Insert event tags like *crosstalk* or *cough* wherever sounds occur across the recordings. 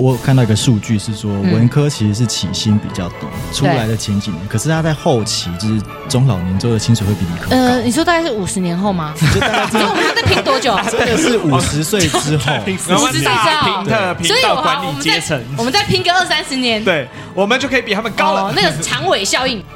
我看到一個數據是說，文科其實是起薪比較低，出來的前幾年，可是他在後期就是中老年之後的薪水會比理科高。呃，你說大概是五十年後嗎？因為、就是、 *laughs* 我們還在拼多久、啊啊？真的是五十歲之後，五、啊、十、啊、歲之後，所以啊，我們在拼個二三十年， *laughs* 對我們就可以比他們高了。哦、那個長尾效應。 *laughs*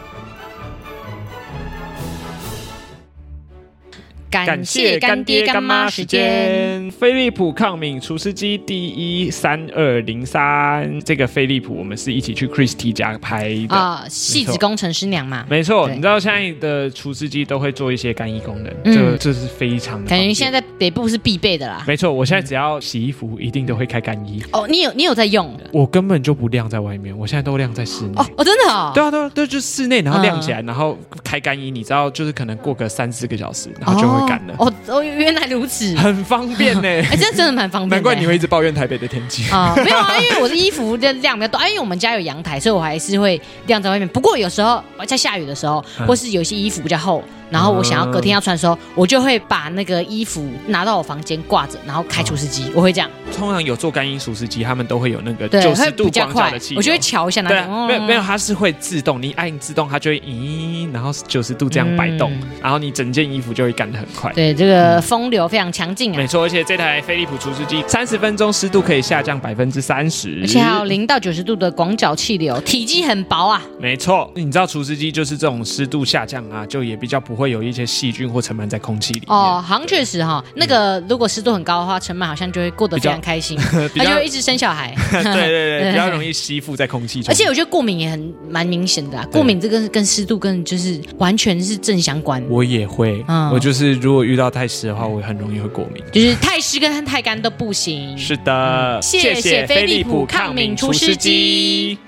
感謝乾爹乾媽時間，飛利浦抗敏除濕機第一三二零三，這個飛利浦我們是一起去 Christie 家拍的啊，戲、呃、子工程師娘嘛，沒錯，你知道現在的除濕機都會做一些乾衣功能，這這是非常、嗯、感覺現在。北部是必備的啦，沒錯，我現在只要洗衣服，嗯、一定都會開乾衣。哦，你有你有在用的？我根本就不晾在外面，我現在都晾在室內、哦。哦，真的？哦。對啊，對啊，對，啊對啊，就是、室內，然後晾起來，嗯、然後開乾衣，你知道，就是可能過個三四個小時，然後就會乾了。哦，哦，哦原來如此，很方便呢，哎、哦欸，真的真的蠻方便，難怪你會一直抱怨台北的天氣啊。哦、 *laughs* 沒有啊，因為我的衣服的量比較多，啊因為我們家有陽台，所以我還是會晾在外面。不過有時候在下雨的時候，嗯、或是有些衣服比較厚。然後我想要隔天要穿的時候、嗯，我就會把那個衣服拿到我房間掛着，然後開除濕機、嗯，我會這樣。通常有做乾衣除濕機，他們都會有那個九十度廣角的氣流。我就會瞧一下那個對、嗯，沒有沒有，它是會自動，你按自動，它就會咦，然後九十度這樣擺動、嗯，然後你整件衣服就會乾得很快。對，這個風流非常強勁啊。嗯、沒錯，而且這台飛利浦除濕機三十分鐘濕度可以下降百分之三十，而且還有零到九十度的廣角氣流，體積很薄啊。沒錯，你知道除濕機就是這種濕度下降啊，就也比較不會。會有一些細菌或塵蟎在空氣裡哦，好像確實哈、哦。那個如果濕度很高的話，塵、嗯、蟎好像就會過得比較開心，它、啊、就會一直生小孩。 *laughs* 對，對，對，對， *laughs* 對，對對對，比較容易吸附在空氣中。而且我覺得過敏也很蠻明顯的、啊，過敏這個跟，跟濕度跟就是完全是正相關。我也會、嗯，我就是如果遇到太濕的話，我很容易會過敏。就是太濕跟太乾都不行。 *laughs* 是的，嗯、謝謝飛利浦抗敏除濕機。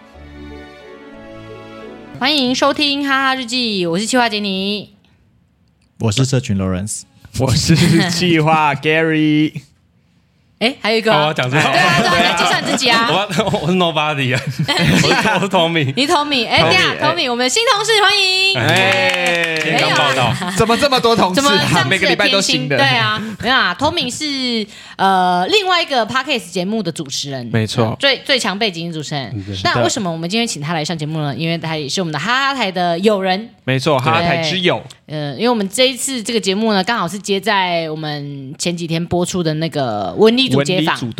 歡迎收聽《哈哈日記》，我是企劃杰尼。我是社群 Lawrence，我是企劃 Gary。哎 *laughs* 、欸，還有一個、啊，我要講自來介紹自己啊！我我是 Nobody 啊， *laughs* 我，是我是 Tommy， *laughs* 你 Tommy，哎，這、欸、樣 Tommy，、欸、我們的新同事歡迎！哎、欸，你報道、欸啊？怎麼這麼多同事、啊？每個禮拜都新的？對啊，沒有啊，Tommy 是呃另外一個 podcast 節目的主持人，沒錯、啊，最最強背景主持人。那為什麼我們今天請他來上節目呢？因為他也是我們的哈哈台的友人，沒錯，哈哈台之友。呃，因為我們這一次這個節目呢，剛好是接在我們前幾天播出的那個文理組街訪，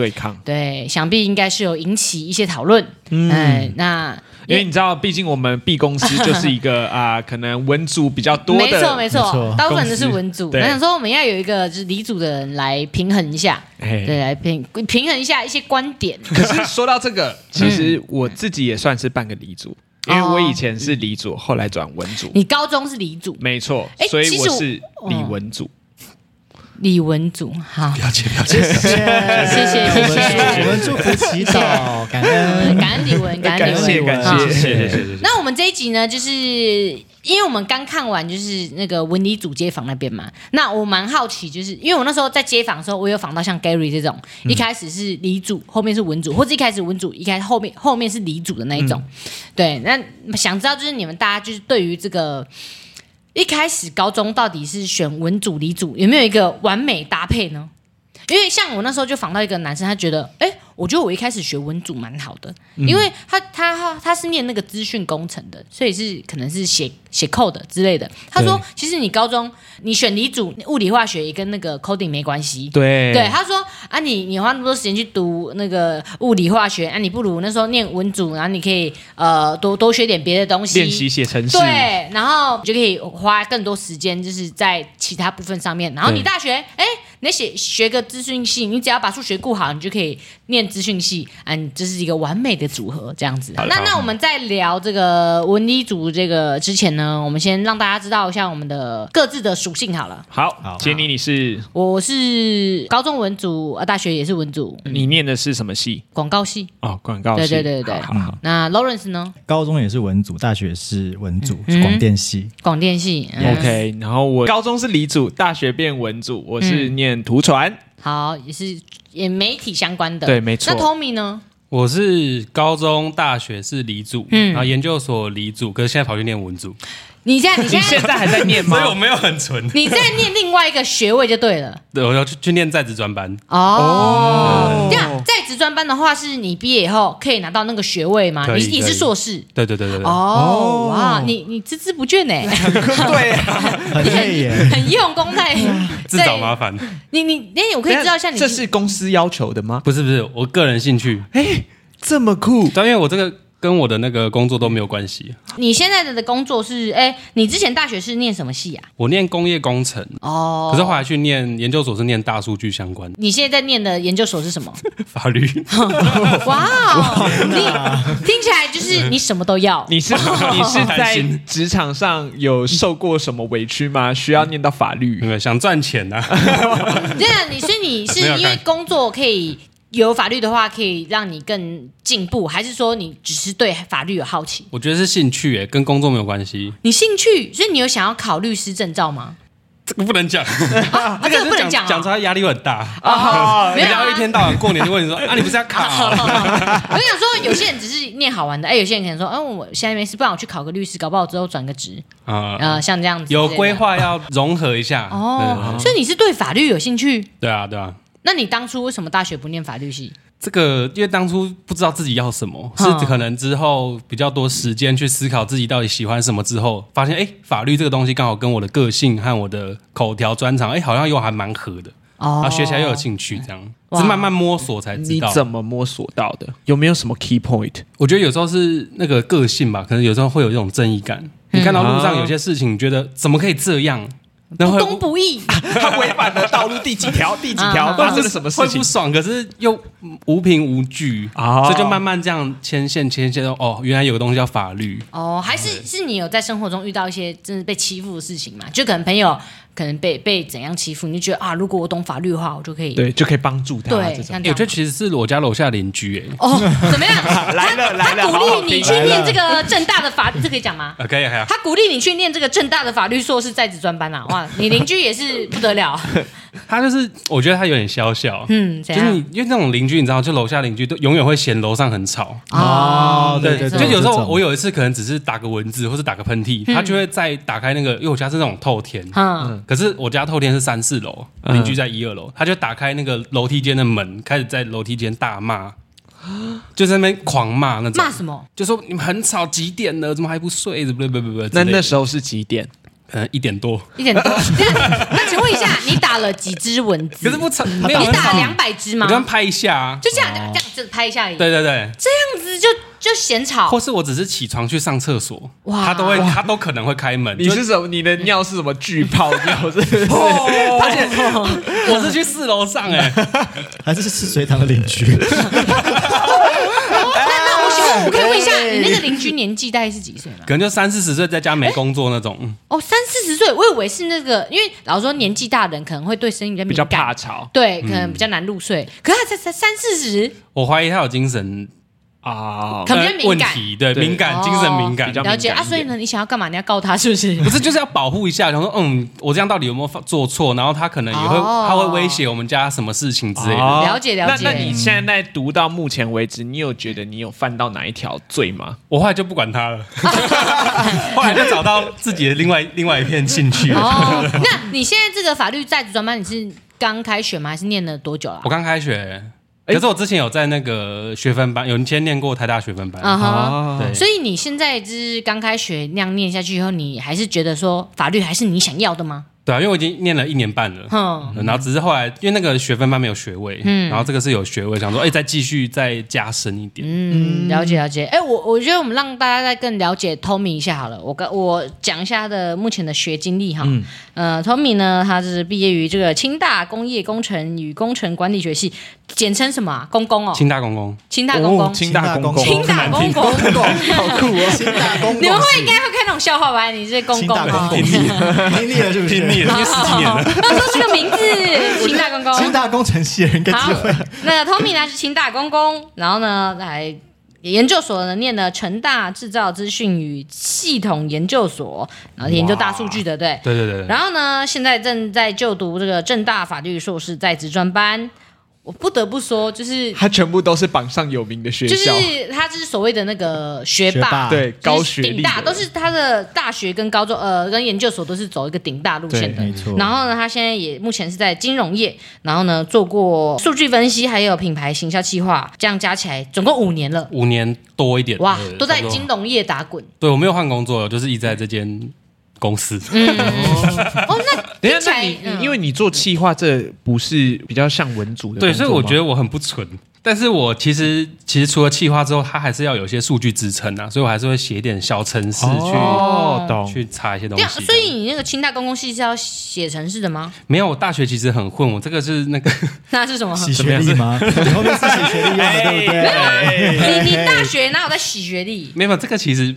對，想必應該是有引起一些討論。嗯，呃、那因為，因為你知道，畢竟我們 B 公司就是一個啊、 *laughs* 呃，可能文組比較多的，沒錯沒錯，大部分都是文組。我想說，我們要有一個就是理組的人來平衡一下，欸、對，來平平衡一下一些觀點。 *laughs* 可是說到這個，其實我自己也算是半個理組。因為我以前是理組、哦，後來轉文組。你高中是理組，沒錯，所以我是理文組。欸理文組，好，了解，謝謝，謝謝，謝謝，我們祝福祈禱，感恩感恩李文，感恩李文。感謝謝那我們這一集呢，就是因為我們剛看完就是那個文理組街訪那邊嘛，那我蠻好奇，就是因為我那時候在街訪的時候，我有訪到像 Gary 這種，一開始是理組，後面是文組，或者一開始文組，一開始後面後面是理組的那一種，嗯、對，那想知道就是你們大家就是對於這個。一開始高中到底是選文組、理組，有沒有一個完美搭配呢？因為像我那時候就訪到一個男生，他覺得，誒、欸。我覺得我一開始學文組蠻好的，因為他他他，他是念那個資訊工程的，所以是可能是寫寫 code 之類的。他說，其實你高中你選理組，物理化學也跟那個 coding 沒關係。對對，他說啊你，你你花那麼多時間去讀那個物理化學，啊，你不如那時候念文組，然後你可以呃多多學點別的東西，練習寫程式。對，然後就可以花更多時間就是在其他部分上面。然後你大學，哎。欸你寫學，學個資訊系，你只要把數學顧好，你就可以念資訊系，嗯、啊，這是一個完美的組合，這樣子。好那好那我們在聊這個文理組這個之前呢，我們先讓大家知道一下我們的各自的屬性好了。好，傑尼你，你是？我是高中文組啊，大學也是文組。嗯。你念的是什麼系？廣告系哦，廣告系、oh，對對對對。那 Lawrence 呢？高中也是文組，大學是文組，廣電系。嗯。廣電系、嗯、嗯，OK。然後我高中是理組，大學變文組，我是念。圖傳好，也是演媒體相關的，對，沒錯。那 Tommy 呢？我是高中、大學是理組，嗯，然後研究所理組，可是現在跑去念文組。你現在你現在還在念嗎？所以我沒有很純。你在念另外一個學位就對了。對，我要去去念在職專班。哦、oh, oh.，這樣在職專班的話，是你畢業以後可以拿到那個學位嗎？你你是碩士。對對對對對。哦、oh, 哇、wow, oh.，你你孜孜不倦哎、欸 *laughs* 對啊， *laughs* *laughs* 對，很很用功在自找麻煩。你你那、欸、我可以知道一下，你。這是公司要求的嗎？不是不是，我個人興趣。哎、欸，這麼酷。但因為我這個。跟我的那個工作都沒有關係、啊。你現在的工作是，哎，你之前大學是念什麼系啊？我念工業工程哦，oh. 可是後來去念研究所是念大數據相關的。你現在在念的研究所是什麼？法律。哇、oh. 哦、wow.，你聽起來就是你什麼都要。嗯、你是、oh. 你是在職場上有受過什麼委屈嗎？需要念到法律？ *laughs* 想賺錢啊？這樣你是你是因為工作可以。有法律的話，可以讓你更進步，還是說你只是對法律有好奇？ *music* 我覺得是興趣、欸、跟工作沒有關係。你興趣，所以你有想要考律師證照嗎？這個不能講，這個不能講，講 *laughs* *music* 出來壓力很大啊！Oh、你啊你然要一天到晚過年就問你說：“啊，你不是要考？”我 *laughs* 想說，有些人只是念好玩的，哎，有些人可能說：“哦、啊，我現在沒事，不然我去考個律師，搞不好之後轉個職啊、uh, 呃、像這樣子有規劃要融合一下哦、 *music* oh。 *music* 所以你是對法律有興趣？對啊，對啊。那你當初為什麼大學不念法律系？這個因為當初不知道自己要什麼，是可能之後比較多時間去思考自己到底喜歡什麼之後，發現哎，法律這個東西剛好跟我的個性和我的口條專長，哎，好像又還蠻合的，哦、然後學起來又有興趣，這樣是慢慢摸索才知道。你怎麼摸索到的？有沒有什麼 key point？我覺得有時候是那個個性吧，可能有時候會有這種正義感、嗯，你看到路上有些事情，嗯、你覺得怎麼可以這樣。不公不義，他違反了道路第幾條？ *laughs* 第幾條發生了什麼事情？會不爽，可是又無憑無據啊！所以、哦、就慢慢這樣牽線牽線哦。哦，原來有個東西叫法律哦，還是、嗯、是你有在生活中遇到一些真的被欺負的事情嗎？就可能朋友。可能被被怎樣欺負，你就覺得啊，如果我懂法律的話，我就可以對，就可以幫助他。對這、欸，我覺得其實是我家樓下鄰居哎、欸，哦、oh,，怎麼樣？來了來了，他鼓勵你去念這個政大的法， *laughs* 這可以講嗎？可以，可以。他鼓勵你去念這個政大的法律碩士在職專班吶，哇，你鄰居也是不得了。 *laughs* 他就是，我覺得他有點小小，嗯，就是你，因為那種鄰居，你知道，就樓下鄰居都永遠會嫌樓上很吵啊、哦哦，對對，對，對就有時候我有一次可能只是打個蚊子或者打個噴嚏、嗯，他就會在打開那個，因為我家是那種透天，嗯，可是我家透天是三四樓，鄰、嗯、居在一二樓，他就打開那個樓梯間的門，開始在樓梯間大罵、哦，就在那邊狂罵那種，罵什麼，就說你們很吵幾點了，怎麼還不睡？不不不那那時候是幾點？可能、呃、一點多，一點多。 *laughs* *laughs* 那請問一下，你打了幾隻蚊子？可是不成，沒有，你打了兩百隻嗎？你剛拍一下啊，就這樣，這樣子拍一下、哦、對對對，這樣子就就嫌吵。或是我只是起床去上廁所，哇，他都會，他都可能會開門。你是什麼？你的尿是什麼巨泡尿是是、 *laughs* 哦？而且、哦、我是去四樓上、欸，哎， *laughs* 還是是四水堂的鄰居。 *laughs* 我可以問一下，你那個鄰居年紀大概是幾歲呢？可能就三四十歲，在家沒工作那種。欸、哦，三四十歲，我以為是那個，因為老實說年紀大的人可能會對聲音比較敏感，比較怕吵。對，可能比較難入睡。嗯、可是他才三四十，我懷疑他有精神。啊，比較敏感、呃對，對，敏感，精神敏感，oh, 比較敏感，了解。啊，所以呢，你想要幹嘛？你要告他是不是？不是，就是要保護一下。然後說，嗯，我這樣到底有沒有做錯？然後他可能也會，oh. 他會威脅我們家什麼事情之類的。了解，了解。那你現在在讀到目前為止，你有覺得你有犯到哪一條罪嗎、嗯？我後來就不管他了， *laughs* 後來就找到自己的另外另外一片興趣。Oh. *laughs* 那你現在這個法律在職專班，你是剛開學嗎？還是念了多久、啊、剛了？我剛開學。欸、可是我之前有在那個學分班，有先念過台大學分班，嗯、uh-huh. Oh. 對。所以你現在就是剛開學那樣念下去以後，你還是覺得說法律還是你想要的嗎？對啊，因為我已經念了一年半了，嗯、然後只是後來因為那個學分班沒有學位，嗯、然後這個是有學位，想說哎，再繼續再加深一點，了、嗯、解了解。哎，我我覺得我們讓大家再更了解 Tommy 一下好了，我跟我講一下他的目前的學經歷哈。嗯，呃，Tommy 呢，他是畢業於這個清大工業工程與工程管理學系，簡稱什麼、啊？工工哦，清大工工，清大工工、哦，清大工工，清大工工，工工 *laughs* 好酷哦，清大工工。工工哦、笑話完，你這公公聽、哦、膩，膩了是不是？聽膩了，聽十幾年了他說：“這個名字，清大公公，清大工程系人，跟機會。公公”那 Tommy 呢是清大公公，然後呢來研究所呢念了成大製造資訊與系統研究所，然後研究大數據的，對對？對對對。然後呢，現在正在就讀這個政大法律碩士在職專班。我不得不說，就是他全部都是榜上有名的學校，就是他就是所謂的那個學霸，學霸對、就是、高學歷，大都是他的大學跟高中，呃，跟研究所都是走一個頂大路線的。然後呢，他現在也目前是在金融業，然後呢做過數據分析，還有品牌行銷計劃，這樣加起來總共五年了，五年多一點，哇，對對對都在金融業打滾。對我沒有換工作，就是一直在這間。公司、嗯、哦，那等一下你，你因為你做企劃，這不是比較像文組的對，所以我覺得我很不純。但是我其實其實除了企劃之後，它還是要有些數據支撐啊，所以我還是會寫一點小程式，去哦，哦，懂，去查一些東西。所以你那個清大公共系是要寫程式的嗎？沒有，我大學其實很混，我這個是那個那是什麼？洗學歷嗎？ *laughs* 你後面是洗學歷、啊對不對啊嘿嘿，你你大學哪有在洗學歷？沒有，這個其實。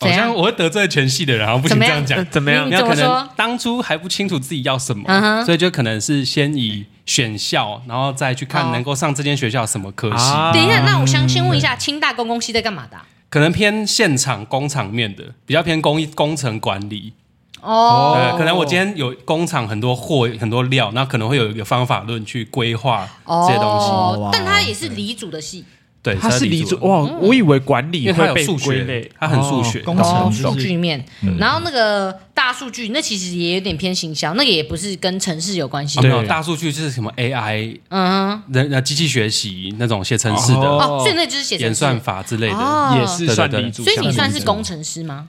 好、哦、像我會得罪全系的人，然後不行。這樣講。怎麼樣？怎麼樣你,你怎麼說？當初還不清楚自己要什麼，uh -huh. 所以就可能是先以選校，然後再去看能夠上這間學校什麼科系。Oh. Oh. 啊、等一下，那我想先問一下，嗯、清大工工系在幹嘛的、啊？可能偏現場工廠面的，比較偏工工程管理。哦、oh.，可能我今天有工廠很多貨很多料，那可能會有一個方法論去規劃這些東西。Oh. 但它也是理組的系。Oh, wow. okay. 對，他是理組，理組、嗯、我以為管理，因它有數學類、哦，它很數學、工程、哦、數據面、嗯。然後那個大數據，那其實也有點偏行銷，那也不是跟程式有關係的對、啊。沒有大數據就是什麼 AI，嗯，人、機器學習那種寫程式的哦，哦，所以那就是寫演算法之類的，哦、也是算理組對對。所以你算是工程師嗎？嗯、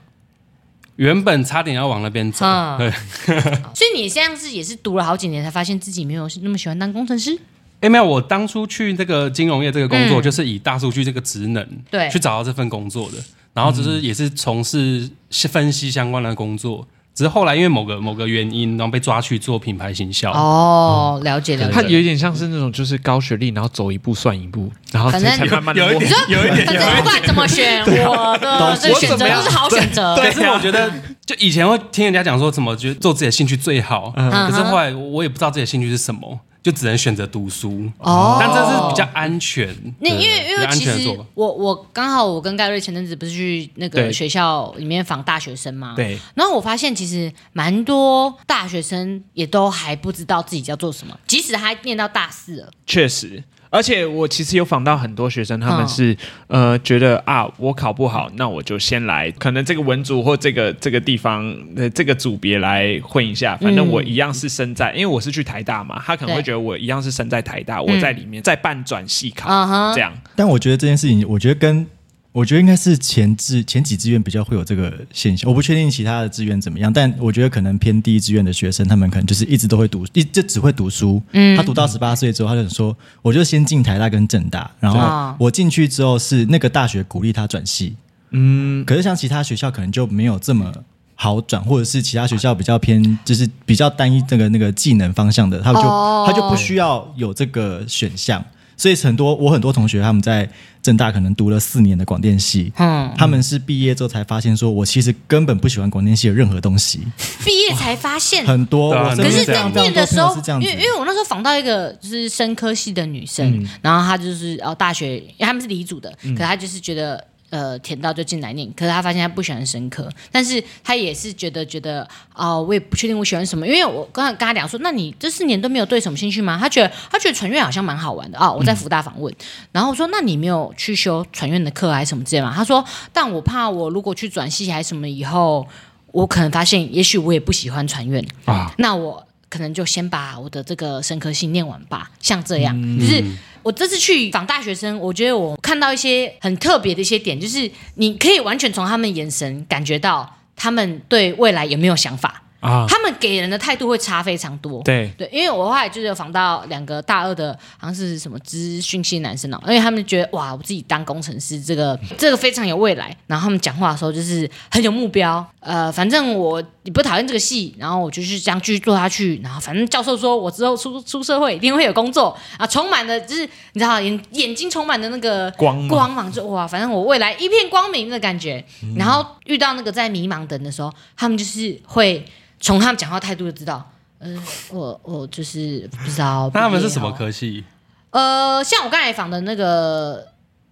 原本差點要往那邊走，嗯、對 *laughs* 所以你現在是也是讀了好幾年，才發現自己沒有那麼喜歡當工程師。哎，沒有，我當初去那個金融業這個工作，嗯、就是以大數據這個職能對，去找到這份工作的，然後就是也是從事分析相關的工作，只是後來因為某個某個原因，然後被抓去做品牌形象。哦，了解了解，他、嗯、有一點像是那種就是高學歷，然後走一步算一步，然後才慢、慢的有、有、有一點，有一點，反正不管怎麼選，我選、啊，我的，我選擇都是好選擇對對、啊。可是我覺得，就以前會聽人家講說，怎麼覺得做自己的興趣最好、嗯，可是後來我也不知道自己的興趣是什麼。就只能選擇讀書，oh. 但這是比較安全。那因為，對對對，因為其實我我剛好我跟蓋瑞前陣子不是去那個學校裡面訪大學生嗎？對。然後我發現其實蠻多大學生也都還不知道自己要做什麼，即使他念到大四了。確實。而且我其實有訪到很多學生，他們是、哦、呃覺得啊，我考不好，那我就先來，可能這個文組或這個這個地方的、呃、這個組別來混一下，反正我一樣是身在、嗯，因為我是去台大嘛，他可能會覺得我一樣是身在台大，我在裡面再半轉系考、嗯，這樣。但我覺得這件事情，我覺得跟。我覺得應該是前志前幾志願比較會有這個現象，我不確定其他的志願怎麼樣，但我覺得可能偏第一志願的學生，他們可能就是一直都會讀，一就只會讀書。嗯，他讀到十八歲之後，他就想說，我就先進台大跟政大，然後我進去之後是那個大學鼓勵他轉系。嗯，可是像其他學校可能就沒有這麼好轉，或者是其他學校比較偏，就是比較單一那個那個技能方向的，他就他就不需要有這個選項。所以很多我很多同學他們在政大可能讀了四年的廣電系，嗯，他們是畢業之後才發現，說我其實根本不喜歡廣電系的任何東西。畢業才發現 *laughs* 很多，啊、可是在念的時候，因為因為我那時候訪到一個就是生科系的女生，嗯、然後她就是哦大學，因為她們是理組的，可她就是覺得。嗯嗯呃，填到就進來念。可是他發現他不喜歡生科，但是他也是覺得覺得啊、呃，我也不確定我喜歡什麼。因為我剛剛跟他講說，那你這四年都沒有對什麼興趣嗎？他覺得他覺得傳院好像蠻好玩的啊、哦。我在福大訪問，嗯、然後我說那你沒有去修傳院的課還是什麼之類嗎？他說，但我怕我如果去轉系還是什麼以後，我可能發現，也許我也不喜歡傳院啊。那我可能就先把我的這個生科系念完吧。像這樣，就、嗯、是。嗯我這次去訪大學生，我覺得我看到一些很特別的一些點，就是你可以完全從他們眼神感覺到他們對未來有沒有想法。啊、uh，他們給人的態度會差非常多。對對，因為我後來就是有訪到兩個大二的，好像是什麼資訊系男生哦，因為他們覺得，哇，我自己當工程師，這個這個非常有未來。然後他們講話的時候就是很有目標，呃，反正我也不討厭這個系，然後我就是將去這樣繼續做下去。然後反正教授說，我之後出出社會一定會有工作啊，充滿了就是你知道，眼眼睛充滿了那個光芒，就哇，反正我未來一片光明的感覺。然後遇到那個在迷茫的人的時候，他們就是會。從他們講話態度就知道，呃，我我就是不知道。那、哦、他們是什麼科系？呃，像我剛才訪的那個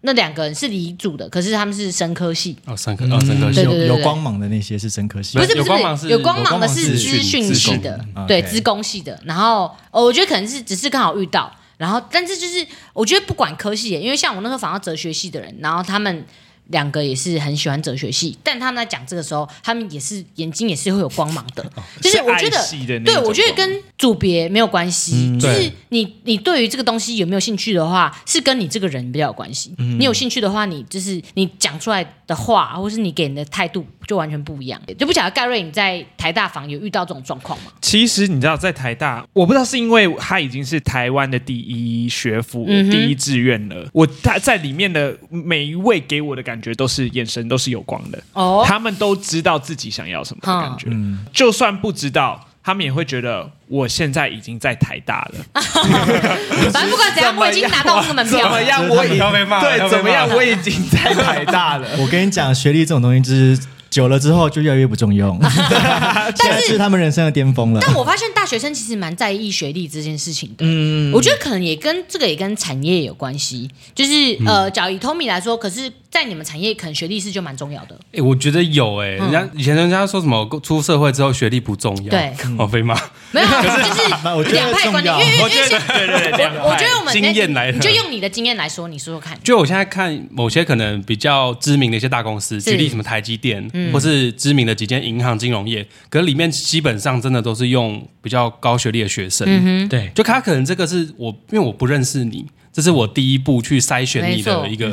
那兩個人是理組的，可是他們是生科系。哦，生科，哦，生科系、嗯對對對對，有光芒的那些是生科系，不是不是，是，有光芒的是資訊系的，對，資、okay、工系的。然後、哦，我覺得可能是只是剛好遇到，然後，但是就是我覺得不管科系，因為像我那時候訪到哲學系的人，然後他們。兩個也是很喜歡哲學系，但他們在講這個時候，他們也是眼睛也是會有光芒的。就 *laughs* 是我覺得，對，我覺得跟組別沒有關係、嗯。就是你你對於這個東西有沒有興趣的話，是跟你這個人比較有關係、嗯。你有興趣的話，你就是你講出來的話，或是你給人的態度，就完全不一樣。就不曉得蓋瑞你在台大房有遇到這種狀況嗎？其實你知道，在台大，我不知道是因為他已經是台灣的第一學府、嗯、第一志願了。我他在裡面的每一位給我的感。感覺都是眼神都是有光的，Oh. 他們都知道自己想要什麼的感覺。Huh. 就算不知道，他們也會覺得我現在已經在台大了。 *laughs* *laughs* *laughs* *laughs* 反正不管怎樣，我已經拿到這個門票。怎麼樣？我已經對怎麼樣我已經， *laughs* *laughs* *laughs* 怎麼樣我已經在台大了。 *laughs* 我跟你講，學歷這種東西就是。久了之後就越來越不重要，但是 *laughs* 是他們人生的巔峰了。 *laughs* 但，但我發現大學生其實蠻在意學歷這件事情的。嗯，我覺得可能也跟這個也跟產業有關係。就是、嗯、呃，假如以 Tommy 來說，可是在你們產業，可能學歷是就蠻重要的。哎、欸，我覺得有哎、欸嗯，人家以前人家說什麼出社會之後學歷不重要，對，王、嗯、菲嗎？沒有、啊，就是兩派觀念。我覺得，因為因為我覺得對對對，兩派。我覺得我們經驗來，你就用你的經驗來說，你說說看。就我現在看某些可能比較知名的一些大公司，舉例什麼台積電。或是知名的幾間銀行金融業，可是裡面基本上真的都是用比較高學歷的學生。嗯、哼對，就他可能這個是我，因為我不認識你，這是我第一步去篩選你的一個標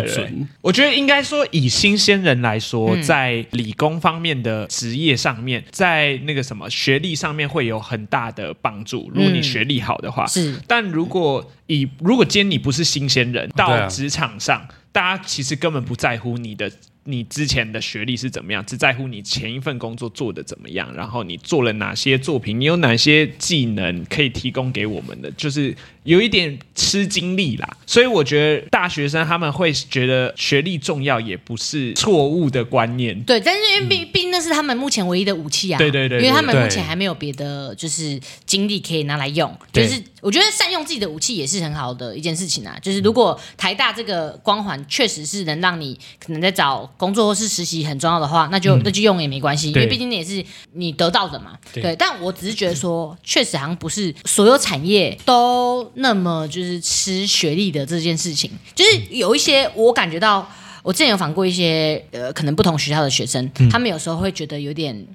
準。對對對，我覺得應該說，以新鮮人來說，在理工方面的職業上面，在那個什麼學歷上面會有很大的幫助。如果你學歷好的話，是、嗯。但如果以如果今天你不是新鮮人，到職場上，大家其實根本不在乎你的。你之前的學歷是怎麼樣？只在乎你前一份工作做得怎麼樣，然後你做了哪些作品，你有哪些技能可以提供給我們的，就是有一點吃經歷啦。所以我覺得大學生他們會覺得學歷重要，也不是錯誤的觀念。對，但是因為畢畢竟那是他們目前唯一的武器啊。對，對對對。因為他們目前還沒有別的就是經歷可以拿來用，對就是。我覺得善用自己的武器也是很好的一件事情啊，就是如果台大這個光環確實是能讓你可能在找工作或是實習很重要的話，那就那就用也沒關係。嗯，因為畢竟也是你得到的嘛。對，對但我只是覺得說，嗯，確實好像不是所有產業都那麼就是吃學歷的這件事情，就是有一些我感覺到，我之前有訪過一些呃，可能不同學校的學生，嗯，他們有時候會覺得有點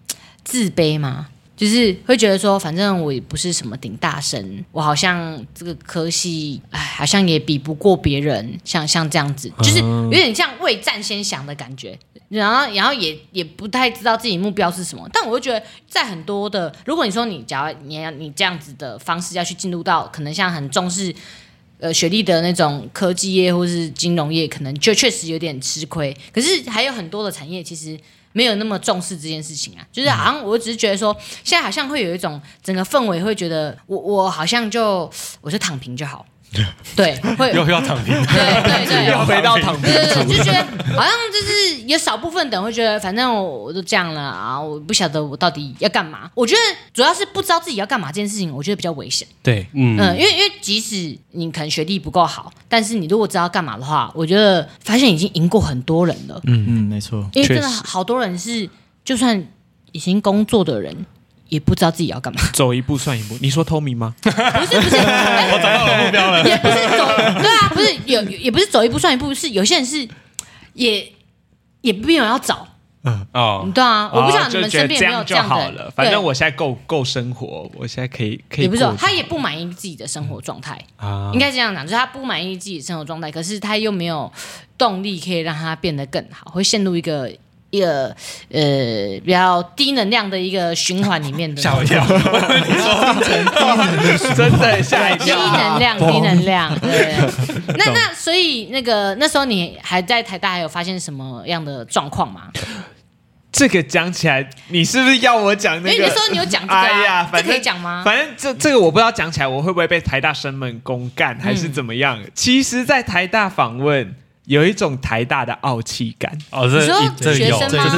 自卑嘛。就是會覺得說，反正我也不是什麼頂大神，我好像這個科系，哎，好像也比不過別人。像像這樣子，就是有點像未戰先降的感覺。然後，然後也也不太知道自己目標是什麼。但我會覺得，在很多的，如果你說你要你要你，你這樣子的方式要去進入到，可能像很重視呃學歷的那種科技業或是金融業，可能就確實有點吃虧。可是還有很多的產業，其實。沒有那麼重視這件事情啊，就是好像我只是覺得說，嗯、現在好像會有一種整個氛圍，會覺得我我好像就我就躺平就好。對，會又要躺平，對對又要回到躺平，就覺得好像就是有少部分人會覺得，反正我我都這樣了啊，我不曉得我到底要幹嘛。我覺得主要是不知道自己要幹嘛這件事情，我覺得比較危險。對，嗯嗯，因為因為即使你可能學歷不夠好，但是你如果知道幹嘛的話，我覺得發現已經贏過很多人了。嗯嗯，沒錯，因為真的好多人是就算已經工作的人。也不知道自己要幹嘛，走一步算一步。你說 Tommy 嗎？不是不是，欸、我找到目標了。也不是走，對啊，不是也也不是走一步算一步，是有些人是也也並沒有要找，嗯哦，對啊，哦、我不知道你們身邊有沒有這樣的。樣了反正我現在夠夠生活，我現在可以可以。也不是他也不滿意自己的生活狀態啊，應該這樣講，就是他不滿意自己的生活狀態，可是他又沒有動力可以讓他變得更好，會陷入一個。一個呃比較低能量的一個循環裡面的、那個，小妖， *laughs* 你說 *laughs* 的真的嚇一跳。低能量，低能量。對。 *laughs* 那那所以那個那時候你還在台大，還有發現什麼樣的狀況嗎？ *laughs* 這個講起來，你是不是要我講那個？因為你說你有講這個、啊哎、呀反正這可以講嗎？反正這這個我不知道講起來我會不會被台大生們公幹還是怎麼樣？其實，在台大訪問。有一種台大的傲氣感哦，這學生嗎？這是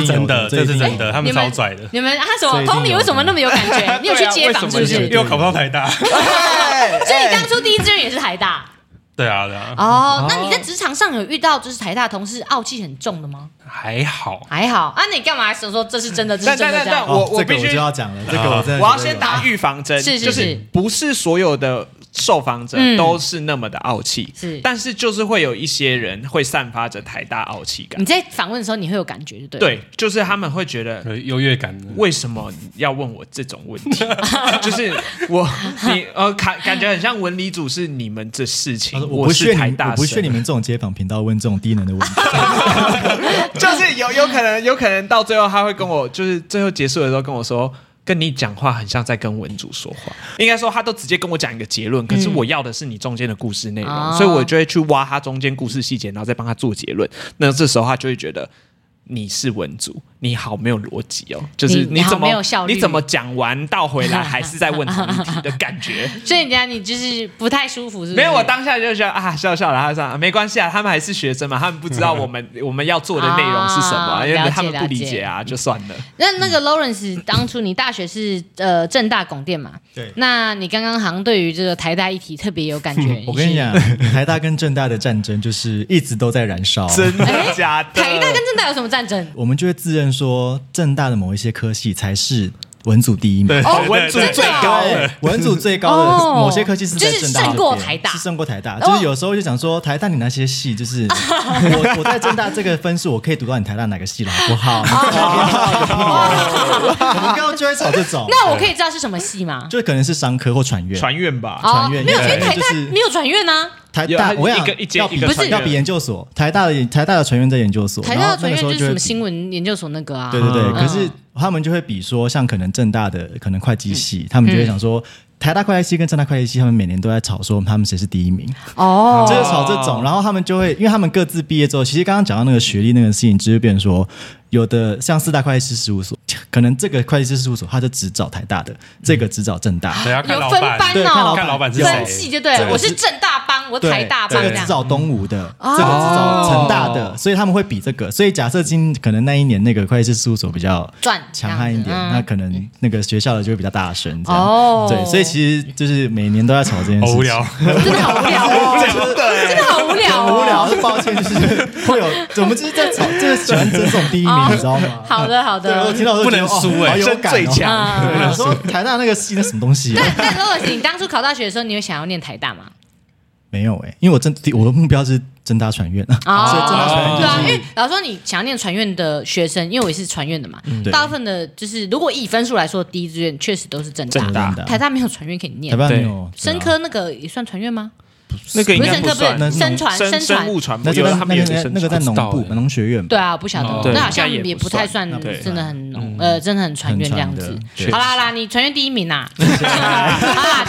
真的，最最這是真的，欸、他們超拽的。你們他、啊、什麼 Tommy 為什麼那麼有感覺？啊、你有去接榜是不是？因為我考不到台大，所以你當初第一志願也是台大。對啊，對啊。哦。那你在職場上有遇到就是台大同事傲氣很重的嗎？還好，還好啊。你幹嘛說這是真的？這是真的，這這對，對，對，對，我我必須就要講了。這個、哦、我要先打預防針。是是是，不是所有的。受訪者、嗯、都是那麼的傲氣，是，但是就是會有一些人會散發着台大傲氣感。你在訪問的時候，你會有感覺，對。對，就是他們會覺得優越感。為什麼要問我這種問題？ *laughs* 就是我， *laughs* 你呃，感感覺很像文理組是你們這事情。啊、我是台大，不屑你，不屑你們這種街訪頻道問這種低能的問題。 *laughs* *laughs* 就是有有可能有可能到最後他會跟我，就是最後結束的時候跟我說。跟你講話很像在跟文組說話，應該說他都直接跟我講一個結論，可是我要的是你中間的故事內容，所以我就會去挖他中間故事細節，然後再幫他做結論。那這時候他就會覺得。你是文組，你好沒有邏輯哦，就是你怎麼你，你怎麼講完到回來還是在問同一題的感覺， *laughs* 所以人家你就是不太舒服，是不是？沒有，我當下就是啊，笑笑了，然後說沒關係啊，他們還是學生嘛，他們不知道我們、嗯、我們要做的內容是什麼、啊啊啊啊啊，因為他們不理解啊，啊啊啊了解、了解就算了。那那個 Lawrence、嗯、當初你大學是呃政大廣電嘛？對，那你剛剛好像對於這個台大議題特別有感覺。嗯、我跟你講，台大跟政大的戰爭就是一直都在燃燒、啊，真的假的、欸？台大跟政大有什麼戰爭？我們就會自認說，政大的某一些科系才是。文組第一名對，文組、哦、最高，文組最高的，喔、某些科技是在政大，就是，勝過台大，是勝過台大，哦。就是有時候就想說，台大你那些系，就是啊，就是我、啊、我在政大這個分數、啊，我可以讀到你台大哪個系了，好不好？我們剛剛就會吵這種。那我可以知道是什麼系嗎？就可能是商科或傳院，傳院吧，傳院。沒有，因台大沒有傳院呢。台大，我想要要比，要比研究所。台大的台大的傳院在研究所，台大的傳院就是什麼新聞研究所那個啊。對對對，可是。他們就會比說，像可能政大的可能會計系、嗯，他們就會想說。嗯台大會計系跟政大會計系，他們每年都在吵說他們誰是第一名哦，這、oh. 就吵這種，然後他們就會，因為他們各自畢業之後，其實剛剛講到那個學歷那個事情，就變成說，有的像四大會計師事務所，可能這個會計師事務所他就只找台大的，這個只找政大、嗯看老，有分班哦，看老闆是誰有分系就對，對我是政大班，我是台大班這、這個、只找東吳的，這個只找成大的，oh. 所以他們會比這個，所以假設今可能那一年那個會計師事務所比較賺強悍一點，那可能那個學校的就會比較大聲這樣，oh. 對，所以。其實就是每年都在吵這件事情，好無聊，真的好無聊，哦，真真的好無聊，無聊的，欸，無聊哦，抱歉，就是會有，我們就是在吵，就是喜歡爭這種第一名，你知道嗎？哦？好的，好的，我聽到我都不能輸，欸，哎，哦，真、哦，最強。有、啊、說台大那個是一個什麼東西，啊？但但勞倫斯，你當初考大學的時候，你有想要念台大嗎？沒有哎，欸，因為我真的，我的目標是。政大傳院啊，哦、所以政大傳院是對啊，因為老師說，你想要念傳院的學生，因為我也是傳院的嘛，嗯、大部分的就是如果以分數來說，第一志願確實都是政大的，台大沒有傳院可以念，台大沒有，對，深科那個也算傳院嗎？那個應該不，不，是不是能生傳生傳，那他們那個在農部農學院。對啊，不曉得、哦對，那好像也不太算，真的很、嗯、呃，真的很傳員這樣子。好啦，啦，啦 *laughs* 好啦，你傳員第一名吶！啊，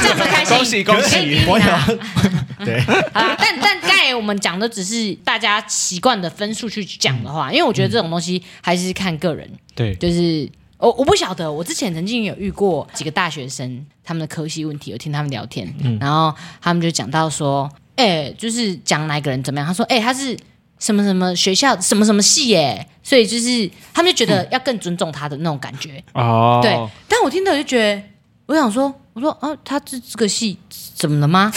這樣很開心，恭喜恭喜，第一名啦我 *laughs* 好啦，但但在我們講的只是大家習慣的分數去講的話、嗯，因為我覺得這種東西還是看個人。對，就是。我我不曉得，我之前曾經有遇過幾個大學生，他們的科系問題，有聽他們聊天、嗯，然後他們就講到說，哎、欸，就是講哪一個人怎麼樣，他說，哎、欸，他是什麼什麼學校什麼什麼系耶，所以就是他們就覺得要更尊重他的那種感覺哦、嗯，對，但我聽到就覺得，我想說，我說啊，他這這個系怎麼了嗎？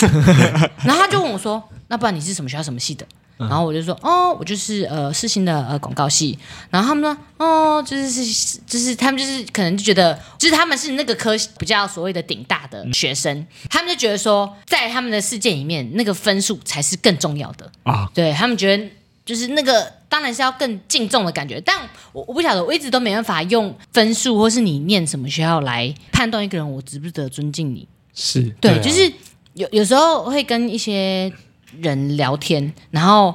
*laughs* 然後他就問我說，那不然你是什麼學校什麼系的？然後我就說，哦，我就是呃，世新的呃廣告系。然後他們說，哦，就是是就是他們就是可能就覺得，就是他們是那個科比較所謂的頂大的學生、嗯，他們就覺得說，在他們的世界裡面，那個分數才是更重要的啊。對他們覺得，就是那個當然是要更敬重的感覺。但我我不曉得，我一直都沒辦法用分數或是你念什麼學校來判斷一個人，我值不值得尊敬你？是對，對、啊，就是有有時候會跟一些。人聊天，然後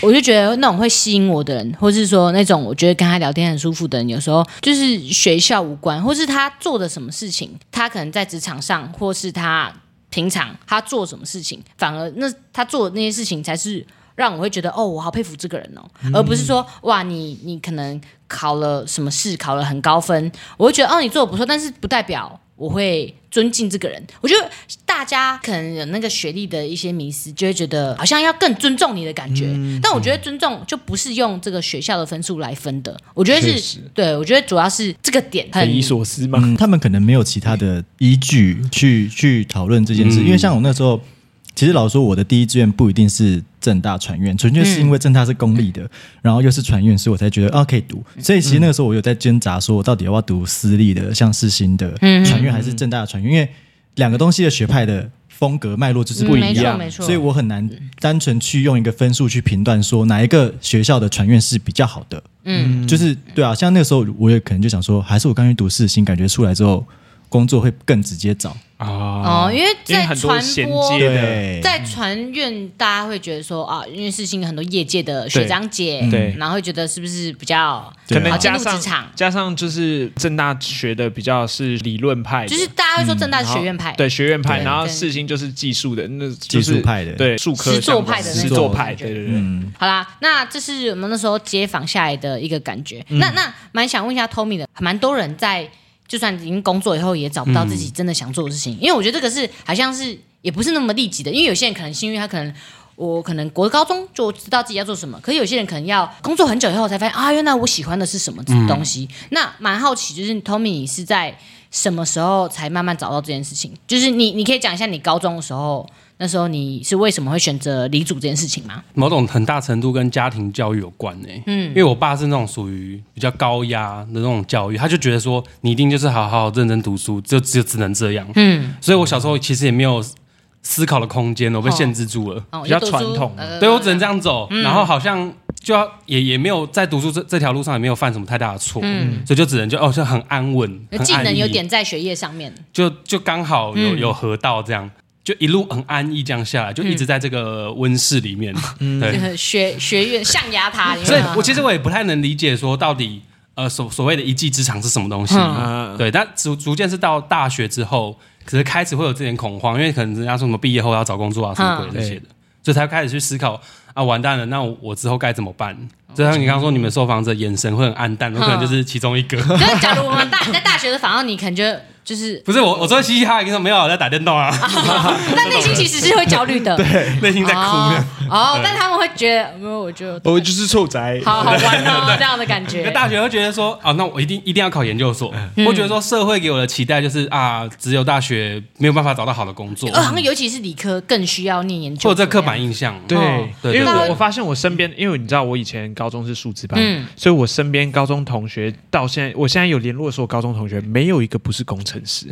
我就覺得那種會吸引我的人，或是說那種我覺得跟他聊天很舒服的人，有時候就是學校無關，或是他做的什麼事情，他可能在職場上，或是他平常他做什麼事情，反而那他做的那些事情才是讓我會覺得哦，我好佩服這個人哦，嗯、而不是說哇，你你可能考了什麼試，考了很高分，我會覺得哦，你做的不錯，但是不代表。我會尊敬這個人，我覺得大家可能有那個學歷的一些迷思，就會覺得好像要更尊重你的感覺、嗯。但我覺得尊重就不是用這個學校的分數來分的，我覺得是對我覺得主要是這個點很，匪夷所思嘛、嗯。他們可能沒有其他的依據去去討論這件事、嗯，因為像我那時候。其實老實說我的第一志願不一定是政大傳院，純粹是因為政大是公立的、嗯，然後又是傳院，所以我才覺得啊可以讀。所以其實那個時候我有在掙扎，說我到底要不要讀私立的，像世新的、嗯、傳院還是政大的傳院、嗯？因為兩個東西的學派的風格脈絡就是不一樣、嗯，沒錯，所以我很難單純去用一個分數去評斷說哪一個學校的傳院是比較好的。嗯，就是對啊，像那個時候我也可能就想說，還是我剛去讀世新，感覺出來之後。嗯工作會更直接找啊，哦，因為在傳播，對，在傳院、嗯、大家會覺得說啊，因為世新很多業界的學長姐，對，嗯、然後會覺得是不是比較好可能加入、啊、加上就是政大學的比較是理論派，就是大家會說政大學院、嗯、學院派，對學院派，然後世新就是技術的那、就是、技術派的，對，術科實作派的那種實作派、嗯，好啦，那這是我們那時候街訪下來的一個感覺，嗯、那那蠻想問一下 Tommy 的，蠻多人在。就算已經工作以後，也找不到自己真的想做的事情，嗯、因為我覺得這個是好像是也不是那麼立即的，因為有些人可能是因為他可能我可能國高中就知道自己要做什麼，可是有些人可能要工作很久以後才發現、嗯、啊，原來我喜歡的是什麼東西。嗯、那蠻好奇，就是 Tommy 你是在什麼時候才慢慢找到這件事情？就是你你可以講一下你高中的時候。那時候你是為什麼會選擇理組這件事情嗎？某種很大程度跟家庭教育有關誒、欸，嗯，因為我爸是那種屬於比較高壓的那種教育，他就覺得說你一定就是好好認真讀書，就，就只能這樣，嗯，所以我小時候其實也沒有思考的空間，我被限制住了，哦哦、比較傳統，呃、對，我只能這樣走。嗯、然後好像就要也也沒有在讀書這這條路上也沒有犯什麼太大的錯、嗯，所以就只能就哦就很安穩，技能有點在學業上面，就就剛好有有合到這樣。嗯就一路很安逸這樣下來，就一直在這個溫室裡面，嗯、對學學院象牙塔裡面、啊。所以，我其實我也不太能理解說到底，呃，所所謂的一技之長是什麼東西、嗯。對，但逐逐漸是到大學之後，可是開始會有這點恐慌，因為可能人家說什麼畢業後要找工作啊、什麼鬼這些的，嗯、所以才開始去思考啊，完蛋了，那我，我之後該怎麼辦？就像你剛，剛說，你們受訪者眼神會很黯淡，我、嗯、可能就是其中一個。是、嗯、 *laughs* 假如我們大你在大學的房，你可能就。就是不是我，我昨天嘻嘻哈哈跟你說沒有我在打電動啊， *laughs* 但內心其實是會焦慮的， *laughs* 對，內心在哭哦。哦，但他們會覺得沒有，我就我就是臭宅，好好玩哦對對對，這樣的感覺。大學會覺得說啊、哦，那我一定一定要考研究所、嗯，我覺得說社會給我的期待就是啊，只有大學沒有辦法找到好的工作，嗯、呃，尤其是理科更需要念研究所，或者這刻板印象。哦、對，對，對因為我發現我身邊，因為你知道我以前高中是數字班、嗯，所以我身邊高中同學到現在，我現在有聯絡的時候高中同學沒有一個不是工程城市，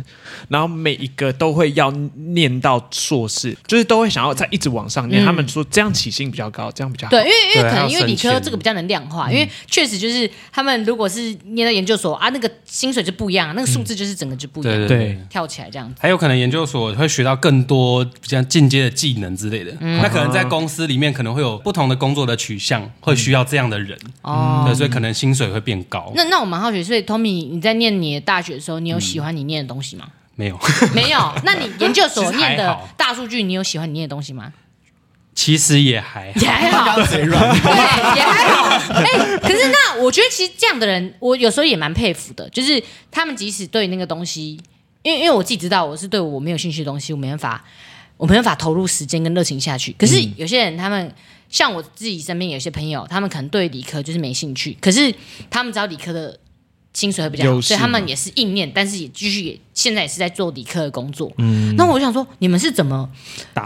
然後每一個都會要念到碩士，就是都會想要再一直往上念、嗯。他們說這樣起薪比較高，這樣比較好。對，因為因為可能因為理科這個比較能量化、嗯，因為確實就是他們如果是念到研究所啊，那個薪水就不一樣、嗯，那個數字就是整個就不一樣。對，對，跳起來這樣子。還有可能研究所會學到更多比較進階的技能之類的。嗯。那可能在公司裡面可能會有不同的工作的取向，嗯、會需要這樣的人。哦、嗯。所以可能薪水會變高。嗯、那那我蠻好奇，所以 Tommy，你在念你的大學的時候，你有喜歡你。念的東西嗎？沒有，沒有。那你研究所念的大數據，你有喜歡你念的東西嗎？其實也還好也還好， *laughs* 對，也還好。哎、欸，可是那我覺得，其實這樣的人，我有時候也蠻佩服的，就是他們即使對那個東西，因為因為我自己知道，我是對我沒有興趣的東西，我沒辦法，我沒辦法投入時間跟熱情下去。可是有些人，他們像我自己身邊有些朋友，他們可能對理科就是沒興趣，可是他們只要理科的，薪水會比較優勢，所以他們也是硬念，但是也繼續也現在也是在做理科的工作。嗯，那我想說，你們是怎麼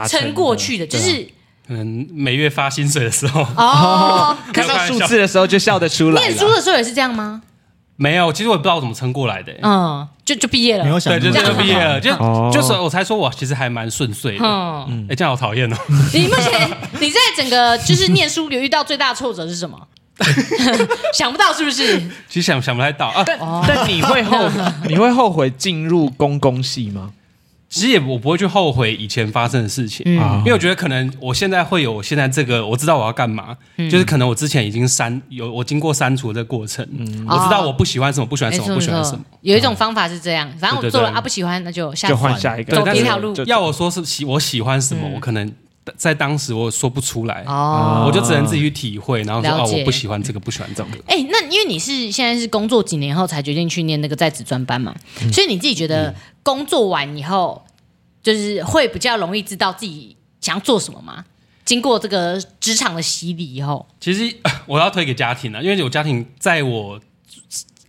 撐過去的？的就是嗯，啊、每月發薪水的時候哦，看到數字的時候就笑得出來。念書的時候也是這樣嗎？沒有，其實我也不知道怎麼撐過來的、欸。嗯，就就畢業了，沒有想到就畢業了，就、哦、就是我才說我其實還蠻順遂的。嗯，哎、欸，這樣好討厭哦。 *laughs* 你目前你在整個就是念書流遇到最大的挫折是什麼？ *laughs* *laughs* 想不到是不是？其實想想不太到啊，但。但你會後悔， *laughs* 你會後悔進入公共系嗎？其實也我不會去後悔以前發生的事情啊、嗯，因為我覺得可能我現在會有現在這個，我知道我要幹嘛、嗯，就是可能我之前已經刪有我經過刪除的這個過程、嗯，我知道我不喜歡什麼，欸、不喜歡什麼，什麼不喜歡什麼。有一種方法是這樣，啊、反正我做了啊，不喜歡那就下就換下一個，走一條路。要我說是喜，我喜歡什麼，嗯、我可能。在當時我說不出來，哦、我就只能自己去體會，然後說哦，我不喜歡這個，不喜歡這個。哎、欸，那因為你是現在是工作幾年後才決定去念那個在職專班嘛、嗯，所以你自己覺得工作完以後、嗯，就是會比較容易知道自己想要做什麼嗎？經過這個職場的洗禮以後，其實我要推給家庭了，因為有家庭在我。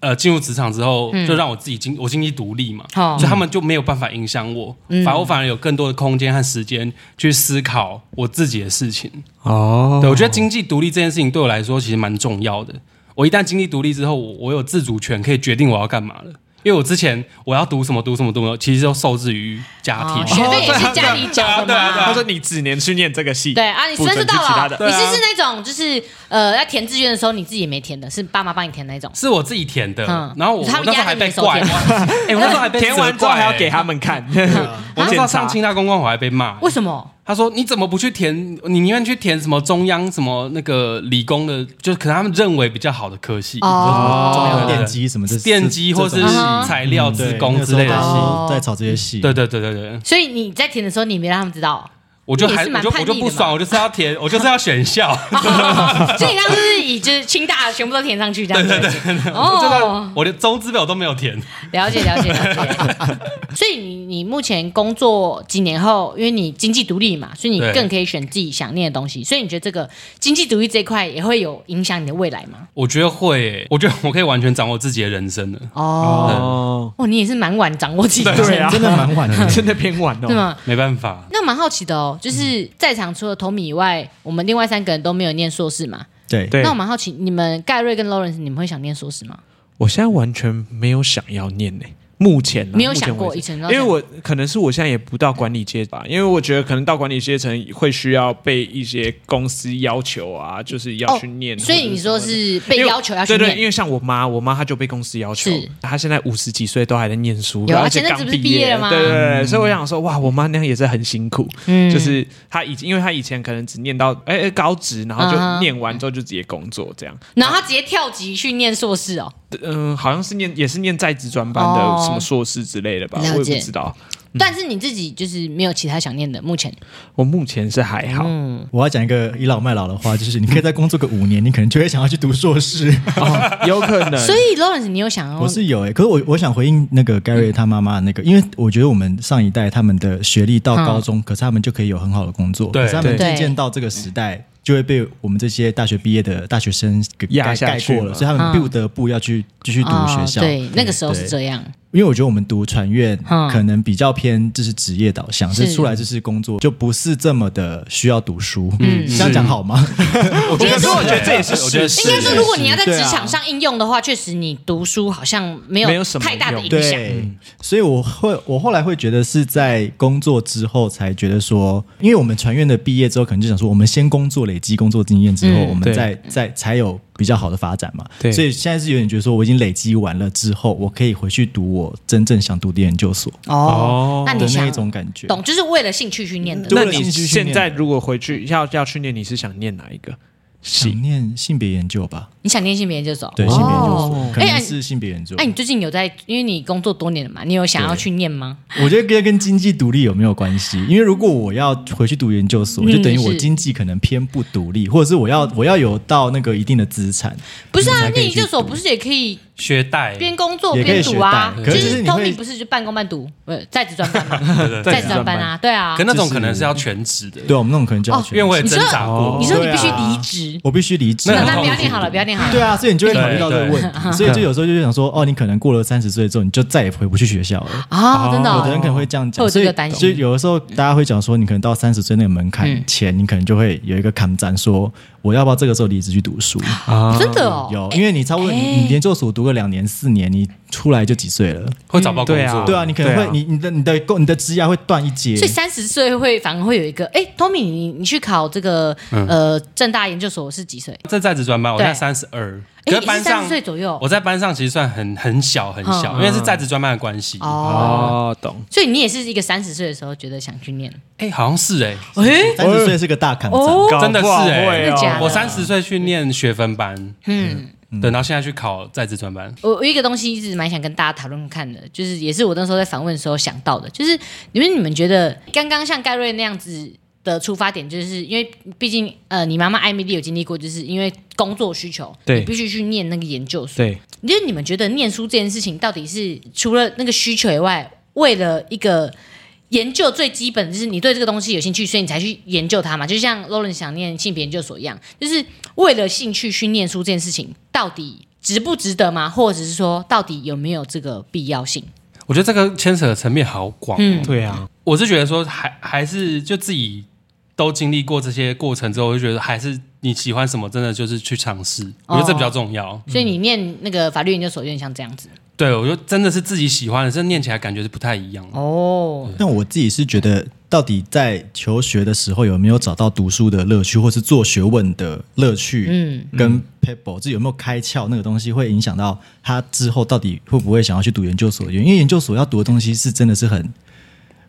呃，進入職場之後、嗯，就讓我自己經我經濟獨立嘛、哦，所以他們就沒有辦法影響我、嗯，反而我反而有更多的空間和時間去思考我自己的事情。哦，對，我覺得經濟獨立這件事情對我來說其實蠻重要的。我一旦經濟獨立之後，我我有自主權可以決定我要幹嘛了。因為我之前我要讀什麼讀什麼讀什麼讀什麼，其實都受制於家庭，全、哦、面也是家裡家。或、哦啊啊啊啊、說你只能去念這個系，對啊，你孫子到了其、啊、你是是那種就是呃，要填志願的時候你自己也沒填的，是爸媽幫你填那種。是我自己填的，嗯、然後我，他們我那時候還被怪。哎、欸，我那時候還被 *laughs* 填完之後還要給他們看，我那時候上清大公公我還被罵，為什麼？他說：“你怎麼不去填？你寧願去填什麼中央什麼那個理工的，就是可能他們認為比較好的科系，哦哦、什麼電機什麼的，電機或是材料、資、嗯、工之類的系、嗯哦，在找這些系。對,對對對對對。所以你在填的時候，你沒讓他們知道。”我就還，是蠻叛逆的嘛，我就不爽，啊、我就是要填，啊、我就是要選校、啊 *laughs* 哦哦哦哦。所以你剛剛是以就是清大全部都填上去，哦哦、這樣子？哦，我連中資表都沒有填。了解了解了解。 *laughs* 所以你你目前工作幾年後，因為你經濟獨立嘛，所以你更可以選自己想念的東西。所以你覺得這個經濟獨立這一塊也會有影響你的未來嗎？我覺得會，我覺得我可以完全掌握自己的人生了。哦、嗯哦，你也是蠻晚掌握自己人生，對啊，真的蠻晚的，真的偏晚的哦。是嗎？沒辦法，那蠻好奇的哦。就是在場除了 m 米以外、嗯，我們另外三個人都沒有念碩士嘛？對。那我蠻好奇，你們蓋瑞跟 n c 斯，你們會想念碩士嗎？我現在完全沒有想要念呢、欸。目前、啊、沒有想過前，前，因為我可能是我現在也不到管理階層吧，因為我覺得可能到管理階層會需要被一些公司要求啊，就是要去念、哦。所以你說是被要求要去念？對對，因為像我媽，我媽她就被公司要求，她現在五十幾歲都還在念書，啊、而且剛畢業，是不是畢業了嗎？對對，對，對，所以我想說，哇，我媽那樣也是很辛苦，嗯、就是她以因為她以前可能只念到哎高職，然後就念完之後就直接工作這樣，嗯、然後她直接跳級去念碩士哦。嗯，好像是念也是念在職專班的、哦、什麼碩士之類的吧，了解我也不知道、嗯。但是你自己就是沒有其他想念的？目前我目前是還好。嗯，我要講一個倚老賣老的話，就是你可以再工作個五年， *laughs* 你可能就會想要去讀碩士， *laughs* 哦、有可能。所以，Lawrence，你有想要？ *laughs* 我是有誒、欸，可是我我想回應那個 Gary 他媽媽的那個，因為我覺得我們上一代他們的學歷到高中，嗯、可是他們就可以有很好的工作，對，可是他們逐漸到這個時代。就會被我們這些大學畢業的大學生給壓下去，蓋過了，所以他們不得不要去繼續、哦、讀學校、哦、對。對，那個時候是這樣。因為我覺得我們讀傳院可能比較偏，就是職業導向，想是出來就是工作，就不是這麼的需要讀書。這、嗯、樣講好嗎？我覺得說， *laughs* 我，覺得我覺得這也是，是我覺得是，是應該說，如果你要在職場上應用的話，確實你讀書好像沒有太大的影響、嗯。所以我會，我後來會覺得是在工作之後才覺得說，因為我們傳院的畢業之後，可能就想說，我們先工作累積工作經驗之後，嗯、我們再再才有。比較好的發展嘛。對，所以現在是有點覺得說，我已經累積完了之後，我可以回去讀我真正想讀的研究所。哦、oh，那你那一種感覺，懂，就是為了興趣去念的。你那你現在如果回去要要去念，你是想念哪一個？想念性別研究吧。你想念性別研究所？對，性別研究所。哎，是性別研究所。哎、欸欸欸，你最近有在？因為你工作多年了嘛，你有想要去念嗎？我覺得跟跟經濟獨立有沒有關係？因為如果我要回去讀研究所，嗯、就等於我經濟可能偏不獨立，或者是我要我要有到那個一定的資產，不是啊？念研究所不是也可以學貸，邊工作邊讀啊？可以，可是就是 Tommy 不是就半工半讀，呃、啊，對對對，在職專班，在職專班啊，對啊。對啊，可那種可能是要全職的，就是，對我、啊、們那種可能就要全、哦，因為我也掙扎過。你說、哦、你說你必須離職？我必須離職。那不要念好了，不要念。對啊，所以你就會考慮到這個問題，對對，所以就有時候就會想說，哦，你可能過了三十歲之後，你就再也回不去學校了啊！真、哦、的，有的人可能會這樣講，所以有的時候大家會講說，你可能到三十歲那個門檻前、嗯，你可能就會有一個抗戰，說我要不要這個時候離職去讀書？哦嗯、真的哦，有，因為你差不多你你研究所讀個兩年四年，你出來就幾歲了，會找不到工作、嗯對啊，對啊，你可能會、啊、你你的你的工你的職涯會斷一截，所以三十歲會反而會有一個，哎，Tommy，你你去考這個呃政大研究所是幾歲？正在職專班，我在三十。二、欸，哎，是班上是，我在班上其實算很很小很小、哦，因為是在職專班的關係、哦。哦，懂。所以你也是一個三十歲的時候覺得想去念。哎、欸，好像是哎、欸。三十歲是個大坎、哦，真的是哎、欸，真、哦、的、哦、我三十歲去念學分班，嗯，等到現在去考在職專班、嗯嗯、班。我有一個東西一直蠻想跟大家討論看的，就是也是我那時候在訪問的時候想到的，就是你們你們覺得剛剛像蓋瑞那樣子。的出發點就是因為，畢竟呃，你媽媽艾米麗有經歷過，就是因為工作需求，對，必須去念那個研究所。對，為、就是、你們覺得念書這件事情，到底是除了那個需求以外，為了一個研究最基本的，就是你對這個東西有興趣，所以你才去研究它嘛？就像羅倫想念性別研究所一樣，就是為了興趣去念書這件事情，到底值不值得嘛？或者是說，到底有沒有這個必要性？我覺得這個牽扯的層面好廣、哦。嗯，對啊，我是覺得說，還還是就自己。都經歷過這些過程之後，我就覺得還是你喜歡什麼，真的就是去嘗試，哦，我覺得這比較重要。所以你念那個法律研究所有點像這樣子，嗯，對，我覺得真的是自己喜歡，真的念起來感覺是不太一樣的哦。那、嗯、我自己是覺得，到底在求學的時候有沒有找到讀書的樂趣，或是做學問的樂趣？嗯，跟 people 就有沒有開竅那個東西，會影響到他之後到底會不會想要去讀研究所因，因為研究所要讀的東西是真的是很。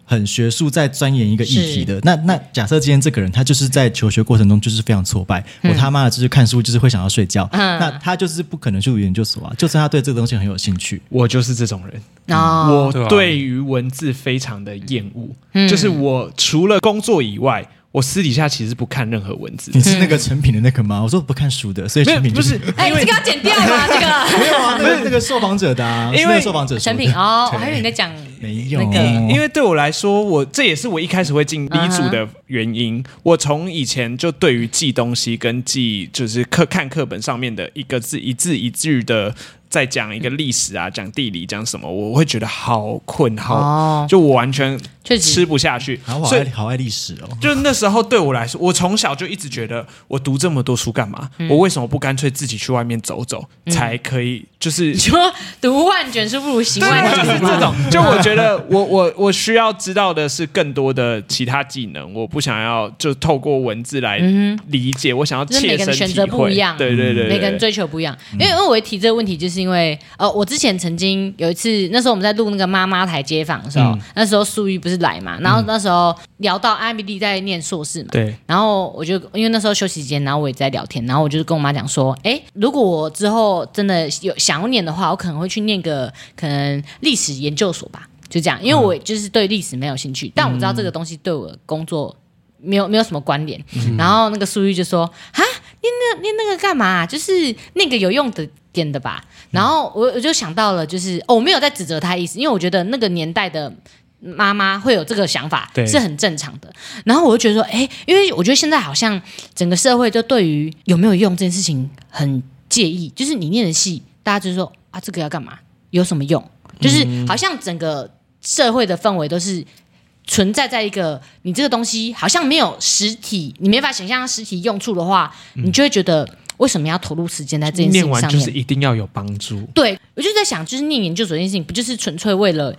很學術，在鑽研一個議題的。那那假設今天這個人，他就是在求學過程中就是非常挫敗，嗯、我他媽的就是看書就是會想要睡覺，嗯。那他就是不可能去研究所啊，就算他對這個東西很有興趣。我就是這種人，嗯、我對於文字非常的厭惡，嗯，就是我除了工作以外，我私底下其實不看任何文字，嗯。你是那個成品的那個嗎？我說我不看書的，所以成品就是。哎，欸、你這個要剪掉嗎這個？ *laughs* 沒有啊， *laughs* 不是這個、那個受訪者的啊，是那個受訪者的，因為受訪者成品哦，我還以為你在講。沒有，那個，因為對我來說，我這也是我一開始會進理組的原因。Uh -huh. 我從以前就對於記東西跟記，就是課看課本上面的一個字，一字一句的。在講一個歷史啊，講地理，講什麼，我會覺得好困，好，啊、就我完全吃不下去。所以好愛，好愛歷史哦，就那時候對我來說，我從小就一直覺得，我讀這麼多書幹嘛？嗯、我為什麼不乾脆自己去外面走走，才可以、就是嗯？就是說，讀萬卷書不如行萬里，就是這種。就我覺得我，我我我需要知道的是更多的其他技能，我不想要就透過文字來理解，嗯、我想要切身體會。對對，對對對，每個人追求不一樣，因為因為我一提這個問題，就是。是因為呃，我之前曾經有一次，那時候我們在錄那個哈哈台街訪的時候，嗯、那時候素玉不是來嘛，然後那時候聊到阿米 d 在念碩士嘛，對、嗯，然後我就因為那時候休息時間，然後我也在聊天，然後我就跟我媽講說，哎、欸，如果我之後真的有想要念的話，我可能會去念個可能歷史研究所吧，就這樣，因為我就是對歷史沒有興趣、嗯，但我知道這個東西對我工作沒有沒有什麼關聯、嗯。然後那個素玉就說，啊、嗯，念那個、念那個幹嘛？就是那個有用的。變的吧，然後我我就想到了，就是、哦、我沒有在指責他意思，因為我覺得那個年代的媽媽會有這個想法，對，是很正常的。然後我就覺得說，哎、欸，因為我覺得現在好像整個社會就對於有沒有用這件事情很介意，就是你念的戲，大家就是說啊，這個要幹嘛？有什麼用？就是好像整個社會的氛圍都是存在在一個你這個東西好像沒有實體，你沒法想象實體用處的話，你就會覺得。嗯為什麼要投入時間在這件事情上面？念完就是一定要有幫助。對，我就在想，就是念研究所這件事情，不就是純粹為了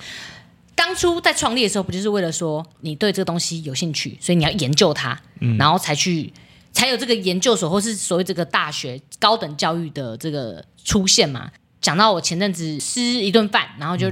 當初在創立的時候，不就是為了說你對這個東西有興趣，所以你要研究它，嗯、然後才去才有這個研究所，或是所謂這個大學高等教育的這個出現嘛？講到我前陣子吃一頓飯，然後就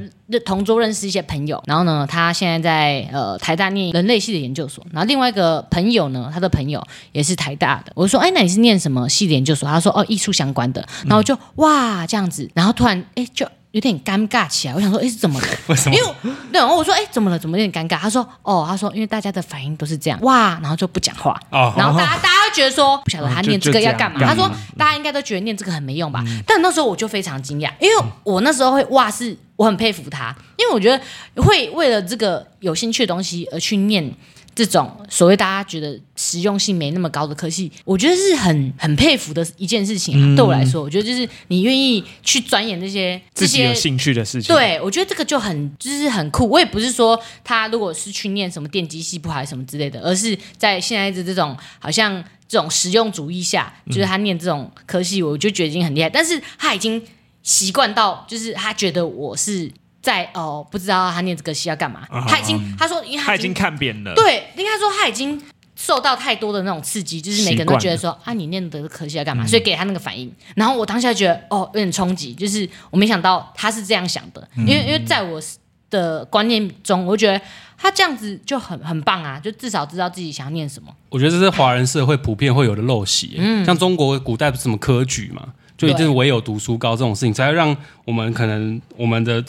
同桌認識一些朋友，嗯、然後呢，他現在在呃台大念人類系的研究所，然後另外一個朋友呢，他的朋友也是台大的，我就說，哎，那你是念什麼系的研究所？他說，哦，藝術相關的，然後我就哇這樣子，然後突然哎就。有點尷尬起來，我想說，哎、欸，是怎麼了？為什麼？因為對，然後我說，哎、欸，怎麼了？怎麼有點尷尬？他說，哦，他說，因為大家的反應都是這樣，哇，然後就不講話、哦，然後大家、哦、大家覺得說，不曉得他念這個要幹嘛，嘛？他說，大家應該都覺得念這個很沒用吧？嗯、但那時候我就非常驚訝，因為我那時候會哇，是我很佩服他，因為我覺得會為了這個有興趣的東西而去念。這種所謂大家覺得實用性沒那麼高的科系，我覺得是很很佩服的一件事情、啊嗯。對我來說，我覺得就是你願意去鑽研這，這些、這些自己有興趣的事情。對，我覺得這個就很就是很酷。我也不是說他如果是去念什麼電機系，不好什麼之類的，而是在現在的這種好像這種實用主義下，就是他念這種科系，我就覺得已經很厲害。但是他已經習慣到，就是他覺得我是。在哦，不知道他念這個系要幹嘛、哦。他已經、嗯、他說，因為他已，他已經看扁了。對，因為他說他已經受到太多的那種刺激，就是每個人都覺得說啊，你念這個系要幹嘛、嗯？所以給他那個反應。然後我當下覺得哦，有點衝擊，就是我沒想到他是這樣想的。嗯、因為因為在我的觀念中，我覺得他這樣子就很很棒啊，就至少知道自己想要念什麼。我覺得這是華人社會普遍會有的陋習、欸啊。嗯，像中國古代不是什麼科舉嘛，就以就唯有讀書高這種事情，才會讓我們可能我們的。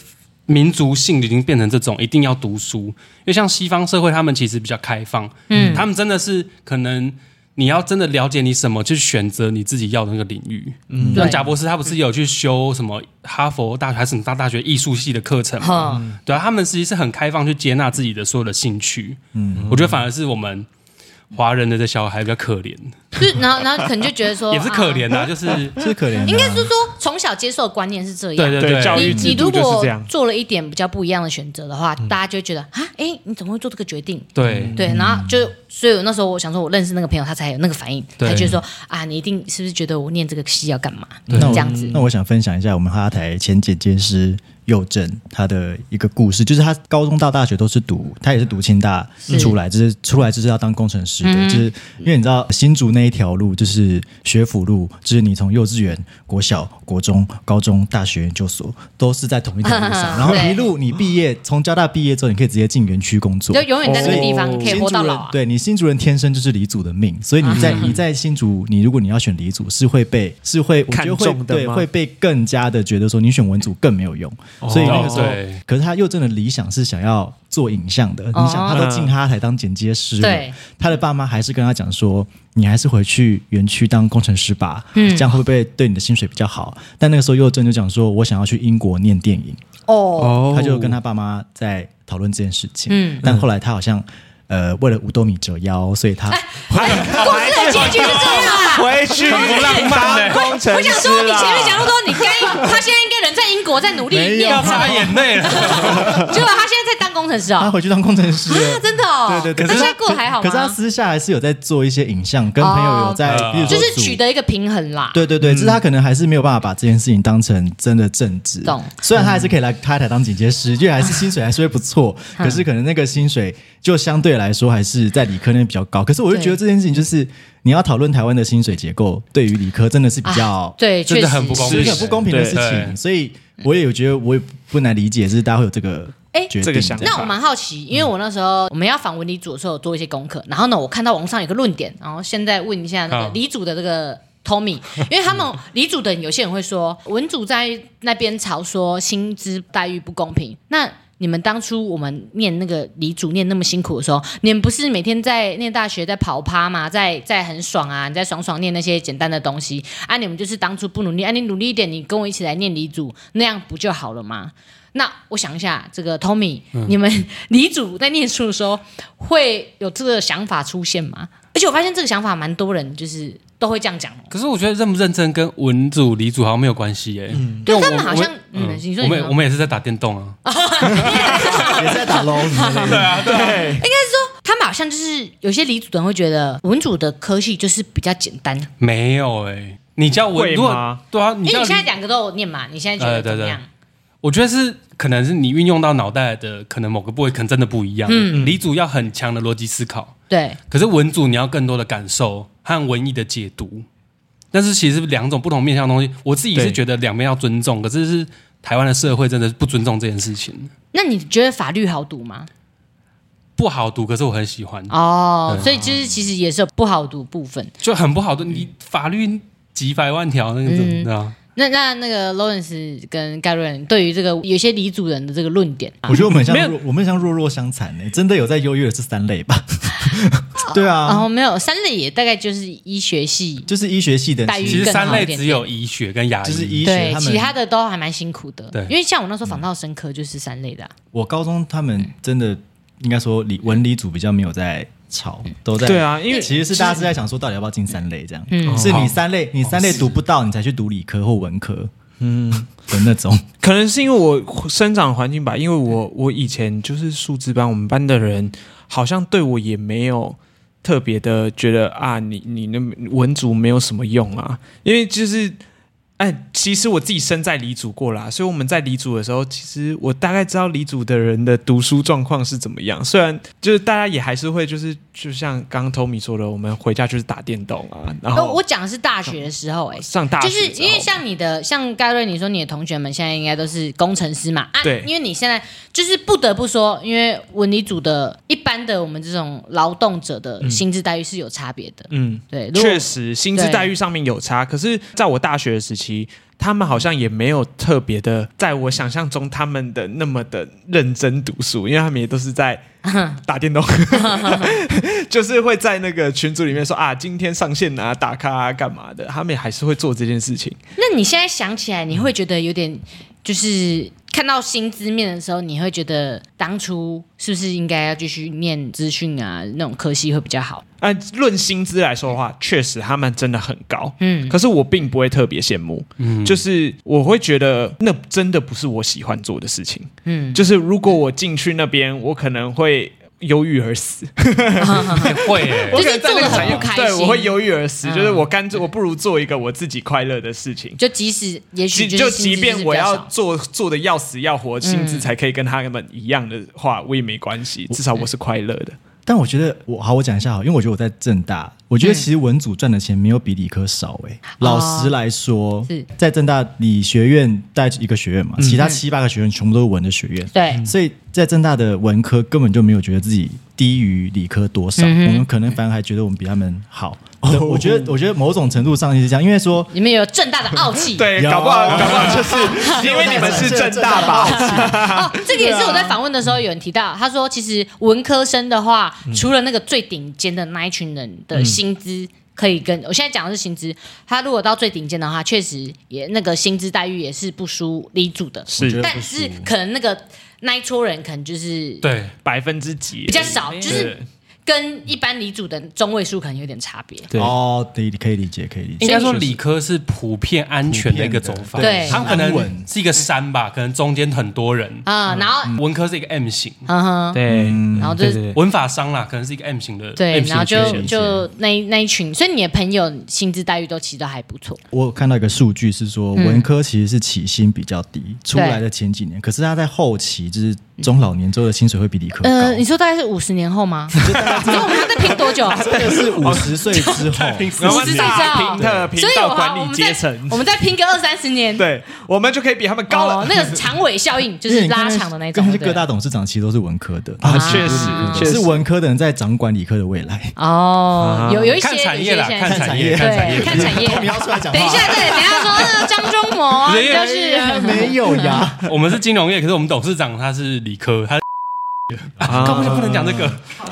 民族性已經變成這種一定要讀書，因為像西方社會，他們其實比較開放，嗯，他們真的是可能你要真的了解你什麼，就選擇你自己要的那個領域，嗯，像賈伯斯他不是有去修什麼哈佛大學還是什麼大大學藝術系的課程嘛？嗯，對啊，他們實際是很開放去接納自己的所有的興趣，嗯，我覺得反而是我們。華人的這小孩比較可憐，然後然後，可能就覺得說也是可憐吶、啊，啊、嗯嗯是可憐啊、該，就是應該是說從小接受的觀念是這樣，對對對、對、對、對你，你如果做了一點比較不一樣的選擇的話，嗯，大家就會覺得啊，哎、欸，你怎麼會做這個決定？對對，然後就、嗯、所以那時候我想說，我認識那個朋友，他才有那個反應，他就覺得說啊，你一定是不是覺得我念這個系要幹嘛？就是、這樣子那。那我想分享一下我們哈台前剪接師。佑正他的一個故事，就是他高中到大，大學都是讀，他也是讀清大出來，就是出來就是要當工程師的、嗯，就是因為你知道新竹那一條路就是學府路，就是你從幼稚園、國小、國、小國中、高中、大學、研究所，都是在同一條路上，呵呵呵然後一路你畢業，從交大畢業之後，你可以直接進園區工作，就永遠在那個地方可以活到老。對，你新竹人天生就是理組的命，所以你在、嗯、你在新竹，你如果你要選理組是會被是會看重的，我覺得會，對，會被更加的覺得說你選文組更沒有用。所以那個時候、哦，可是他幼正的理想是想要做影像的。哦、你想，他都進他台當剪接師了、嗯，他的爸媽還是跟他講說：“你還是回去園區當工程師吧，嗯、這樣會不會對你的薪水比較好、啊？”但那個時候，幼正就講說：“我想要去英國念電影。哦”他就跟他爸媽在討論這件事情。嗯、但後來他好像。呃，為了五斗米折腰，所以他哎，故、哎、事、哎、的結局是這樣啊，回去當工程師。我想說你前面講那麼多，你 *laughs* 該他現在應該人在英國在努力一，要擦眼淚了。結果他現在在當工程師哦、喔。 *laughs* 他回去當工程師啊，真的哦、喔。對，對對，可是他過還好。可是他私下還是有在做一些影像，跟朋友有在、嗯，就是取得一個平衡啦。對對對，就、嗯、是他可能還是沒有辦法把這件事情當成真的正職。懂。雖然他還是可以來開台當剪接師，就、嗯、還是薪水還是會不錯、啊，可是可能那個薪水就相對。來說還是在理科那邊比較高，可是我就覺得這件事情就是你要討論台灣的薪水結構，對於理科真的是比較、啊、對確實，真的很不公平，很不公平的事情。所以我也有覺得我也不難理解，就是大家會有這個哎這個想法。法。那我蠻好奇，因為我那時候、嗯、我們要訪問理組的時候做一些功課，然後呢，我看到網上有一個論點，然後現在問一下那個理組的這個 Tommy，因為他們理、嗯、組的有些人會說文組在那邊吵說薪資待遇不公平，那。你們當初我們念那個理組念那麼辛苦的時候，你們不是每天在念大學，在跑趴嗎？在在很爽啊，你在爽爽念那些簡單的東西啊。你們就是當初不努力啊，你努力一點，你跟我一起來念理組，那樣不就好了嗎？那我想一下，這個 Tommy，、嗯、你們理組在念書的時候會有這個想法出現嗎？而且我發現這個想法蠻多人就是。都會這樣講。可是我覺得認不認真跟文組、理組好像沒有關係耶。嗯。對他們好像，嗯，嗯你你我們我們也是在打電動啊。 *laughs* *laughs* *laughs* 也在打螺絲。 *laughs* 對啊，對。應該是說，他們好像就是有些理組的人會覺得文組的科系就是比較簡單。沒有耶，你叫我如啊對啊你，因為你現在兩個都有念嘛，你現在覺得怎麼樣？呃、對對對，我覺得是可能是你運用到腦袋的可能某個部位可能真的不一樣。嗯。理組要很強的邏輯思考。對，可是文組你要更多的感受和文藝的解讀，但是其實兩種不同面向的東西，我自己是覺得兩邊要尊重。可是是台灣的社會真的是不尊重這件事情。那你覺得法律好讀嗎？不好讀，可是我很喜歡哦、嗯。所以就是其實也是有不好讀部分，就很不好讀。嗯、你法律幾百萬條、嗯，那個怎麼那那那個 Lawrence 跟 Gary 對於這個有些理組人的這個論點，我覺得我們像我們像弱弱相殘呢，真的有在優越這三類吧？ *laughs* *laughs* 對啊，然、哦、後、哦、沒有三類也大概就是醫學系，就是醫學系的待遇更好一點點，其實三類只有醫學跟牙醫，就是醫學，其他的都還蠻辛苦的。對，因為像我那時候仿造生科就是三類的、啊嗯。我高中他們真的應該說理文理組比較沒有在吵，都在對啊，因為其實是大家是在想說到底要不要進三類這樣，嗯、是你三類你三類讀不到，你才去讀理科或文科，嗯的那種。嗯、 *laughs* 可能是因為我生長環境吧，因為我我以前就是數字班，我們班的人。好像對我也沒有特別的覺得啊，你你那文組沒有什麼用啊，因為就是。哎，其實我自己身在理組過了，啊，所以我們在理組的時候，其實我大概知道理組的人的讀書狀況是怎麼樣。雖然就是大家也還是會，就是，就是就像剛剛 Tommy 說的，我們回家就是打電動啊。然後，哦，我講的是大學的時候，欸，哎，上大學就是因為像你的，像蓋瑞，你說你的同學們現在應該都是工程師嘛，啊？對。因為你現在就是不得不說，因為文理組的一般的我們這種勞動者，的薪資待遇是有差別的。嗯，對，確實薪資待遇上面有差。可是，在我大學的時期。他們好像也沒有特別的，在我想象中，他們的那麼的認真讀書，因為他們也都是在打電動，啊、 *laughs* 就是會在那個群組裡面說啊，今天上線啊，打卡啊，幹嘛的，他們也還是會做這件事情。那你現在想起來，你會覺得有點就是。看到薪資面的時候，你會覺得當初是不是應該要繼續念資訊啊那種科系會比較好？按、啊、論薪資來說的話，確實他們真的很高，嗯。可是我並不會特別羨慕，嗯，就是我會覺得那真的不是我喜歡做的事情，嗯。就是如果我進去那邊，我可能會。憂鬱而死， *laughs* 啊啊啊， *laughs* 也會，就是做很不開心， *laughs* *laughs* 對，我會憂鬱而死，嗯，就是我幹，我不如做一個我自己快樂的事情，就即使也許就即便我要做做的要死要活薪資，才可以跟他們一樣的話，嗯，我也沒關係，至少我是快樂的。嗯嗯但我覺得我好，我講一下好，因為我覺得我在政大，嗯、我覺得其實文組賺的錢沒有比理科少哎、欸哦。老實來說，在政大理學院帶一個學院嘛、嗯，其他七八個學院全部都是文的學院，對、嗯，所以在政大的文科根本就沒有覺得自己。低於理科多少、嗯？我們可能反而還覺得我們比他們好。嗯、我覺得，我覺得某種程度上是這樣，因為說你們有台大的傲氣。 *laughs* 對，搞不好搞不好就是、是因為你們是台大，吧台大的氣。 *laughs* 哦，這個也是我在訪問的時候有人提到、啊，他說其實文科生的話，嗯、除了那個最頂尖的那一群人的薪資、嗯、可以跟，我現在講的是薪資，他如果到最頂尖的話，確實也那個薪資待遇也是不輸理組的。是，但是可能那個。那一撮人可能就是對百分之幾比較少，就是。跟一般理組的中位數可能有點差別、哦。對哦，可以理解，可以理解。就是、應該說理科是普遍安全的一個走法，對，它可能是一個山吧，嗯、可能中間很多人啊。然、嗯、後、嗯、文科是一個 M 型，嗯對嗯，然後就是對對對文法商啦，可能是一個 M 型的，對，然後就就，就，就那一那一群，所以你的朋友薪資待遇都其實都還不錯。我有看到一個數據是說、嗯，文科其實是起薪比較低，出來的前幾年，可是他在後期就是中老年之後的薪水會比理科呃，你說大概是五十年後嗎？ *laughs* 啊哦、拼拼，所以我們要再拼多久？真的是五十歲之後，五十歲之後，所以，我們再， *laughs* 我們再拼個二三十年，對，我們就可以比他們高了。哦、那個長尾效應就是拉長的那種。那是，那是，那是各大董事長其實都是文科的。哦、啊，確實、就是嗯，是文科的人在掌管理科的未來。哦，啊，有有，有一些，看產業看產業，對，看產業。產業 *laughs* 等一下，對，等一下說 *laughs* 那個張忠謀就是沒有，沒有呀？ *laughs* 我們是金融業，可是我們董事長他是理科，他。啊，不、uh... 就不能講這個，講 *laughs*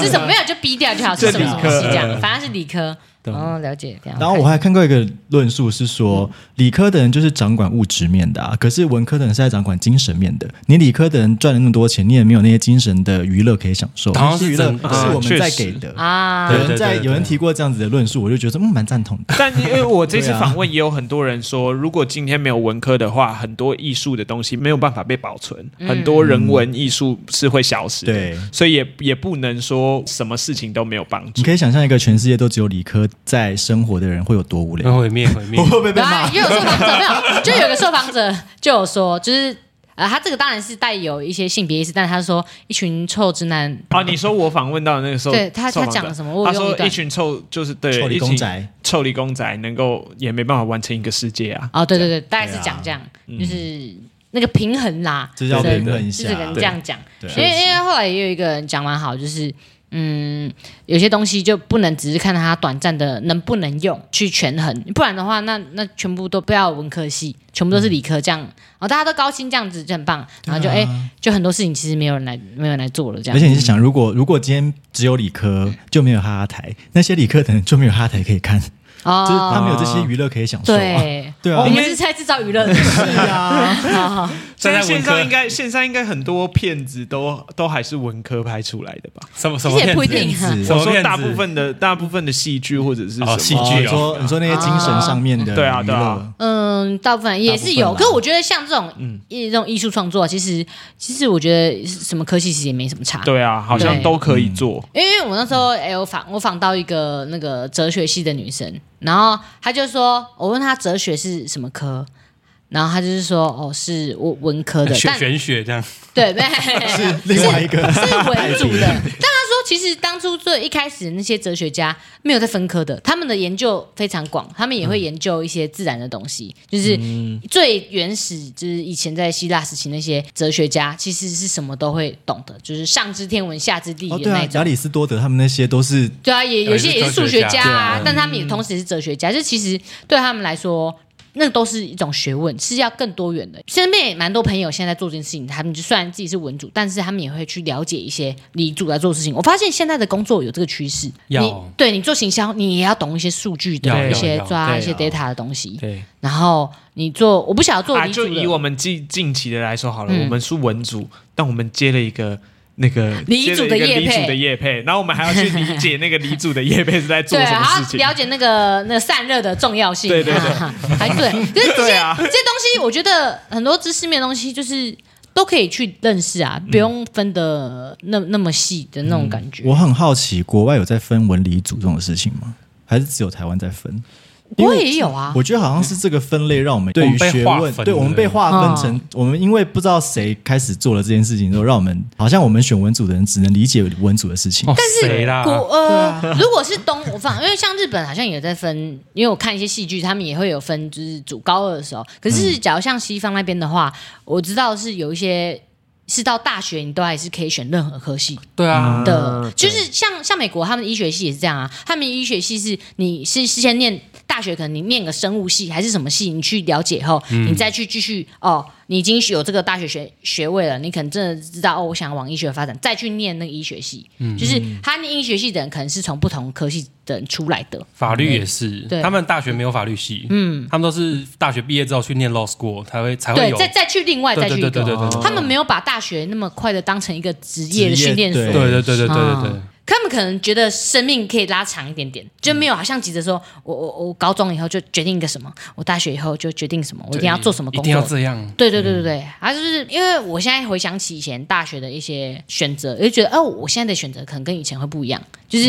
是什麼呀？就 B 掉就好，是什麼，什麼東西？這樣，對對對，反正是理科。對哦，了解。然後我還看過一個論述是說，嗯、理科的人就是掌管物質面的，啊，可是文科的人是在掌管精神面的。你理科的人賺了那麼多錢，你也沒有那些精神的娛樂可以享受。那是娛樂是我們在給的啊。有人在有人提過這樣子的論述，我就覺得嗯蠻贊同的。但因為我這次訪問也有很多人說，如果今天沒有文科的話，很多藝術的東西沒有辦法被保存，嗯、很多人文藝術是會消失的。嗯、對，所以也也不能說什麼事情都沒有幫助。你可以想象，一個全世界都只有理科，在生活的人會有多無聊？毀滅，毀滅。對啊，因為有受訪者沒有， *laughs* 就有一個受訪者就有說，就是呃，他這個當然是帶有一些性別意思，但是他說一群臭直男啊。你說我訪問到那個時候，對他他講了什麼我？他說一群臭就是對，臭理工仔，臭理工仔能夠也沒辦法完成一個世界啊。哦，對對對，大概是講這樣、啊，就是那個平衡啦、啊嗯，就是這要平衡一下，就是、這樣講。因為因為後來也有一個人講完好，就是。嗯，有些東西就不能只是看它短暫的能不能用去權衡，不然的話，那那全部都不要文科系，全部都是理科這樣，哦，大家都高興這樣子就很棒，然後就哎，啊欸，就很多事情其實沒有人來，沒有人來做了這樣。而且你是想、嗯，如果如果今天只有理科，就沒有哈哈台，那些理科可能就沒有哈哈台可以看哦。就是他沒有這些娛樂可以享受。對，哦，對啊，哦，我們是在製造娛樂的。 *laughs* 是啊 *laughs* 好好現在線上應該，線上應該很多片子都都還是文科拍出來的吧？什麼什麼片子，什麼片子，什麼片子，我說大部分的，大部分的戲劇或者是戲劇，哦、啊、哦、你說你說那些精神上面的，啊，對啊對啊。嗯，大部分也是有，可是我覺得像這種嗯，這種藝術創作，其實其實我覺得什麼科系其實也沒什麼差。對啊，好像、嗯、都可以做。因為我那時候，哎、欸，我訪我訪到一個那個哲學系的女生，然後她就說，我問她哲學是什麼科。然後他就是說，哦，是文科的，玄學這樣，對， *laughs* 是另外一個，是文組的。但他說，其實當初最一開始那些哲學家沒有在分科的，他們的研究非常廣，他們也會研究一些自然的東西，嗯、就是最原始，就是以前在希臘時期那些哲學家其實是什麼都會懂的，就是上知天文下知地理的那種。哦、對、啊，亞里士多德他們那些都是，對啊，也有些也是數學家啊，啊、嗯，但他們也同時也是哲學家，就其實對他們來說。那個、都是一種學問，是要更多元的。身邊也蠻多朋友現在做這件事情，他們就，雖然自己是文組，但是他們也會去了解一些理組在做的事情。我發現現在的工作有這個趨勢，你對你做行銷，你也要懂一些數據的一些抓一些 data 的東西對。對，然後你做，我不曉得做理，啊，就以我們近近期的來說好了、嗯，我們是文組，但我們接了一個。那個理組的業配，然後我們還要去理解那個理組的業配是在做什麼事情 *laughs* 對、啊。對，還要了解那個那個、散熱的重要性。 *laughs* 對對對，對、啊，還 *laughs* 對、啊，就是這些、啊、這些東西，我覺得很多知識面的東西，就是都可以去認識啊，不用分的那、嗯、那麼細的那種感覺、嗯。我很好奇，國外有在分文理組這種事情嗎？還是只有台灣在分？我，我也有啊，我覺得好像是這個分類讓我們對於學問，嗯、我對我們被劃分成、啊、我們，因為不知道誰開始做了這件事情，就讓我們好像我們選文組的人只能理解文組的事情。但是，國呃、啊，如果是東我方，因為像日本好像也在分，因為我看一些戲劇，他們也會有分，就是主高二的時候。可是，假如像西方那邊的話，嗯、我知道是有一些是到大學你都還是可以選任何科系。對啊，的就是像像美國，他們醫學系也是這樣啊，他們醫學系是你是事先念。大學可能你念個生物系還是什麼系，你去了解後、嗯，你再去繼續哦。你已經有這個大學學學位了，你可能真的知道哦。我想要往醫學發展，再去念那個醫學系，嗯、就是他念醫學系的人，可能是從不同科系的人出來的。法律也是、嗯對，他們大學沒有法律系，嗯，他們都是大學畢業之後去念 law school 才會才會有，再再去另外，再去。對對對，對，對對對，他們沒有把大學那麼快的當成一個職業的訓練所，對對對對對、哦、對，對，對，對，對對。他們可能覺得生命可以拉長一點點，就沒有好像急着說，我我我高中以後就決定一個什麼，我大學以後就決定什麼，我一定要做什麼工作，一定要這樣。對對對對對、嗯，啊，就是因為我現在回想起以前大學的一些選擇，就覺得，哦，我現在的選擇可能跟以前會不一樣。就是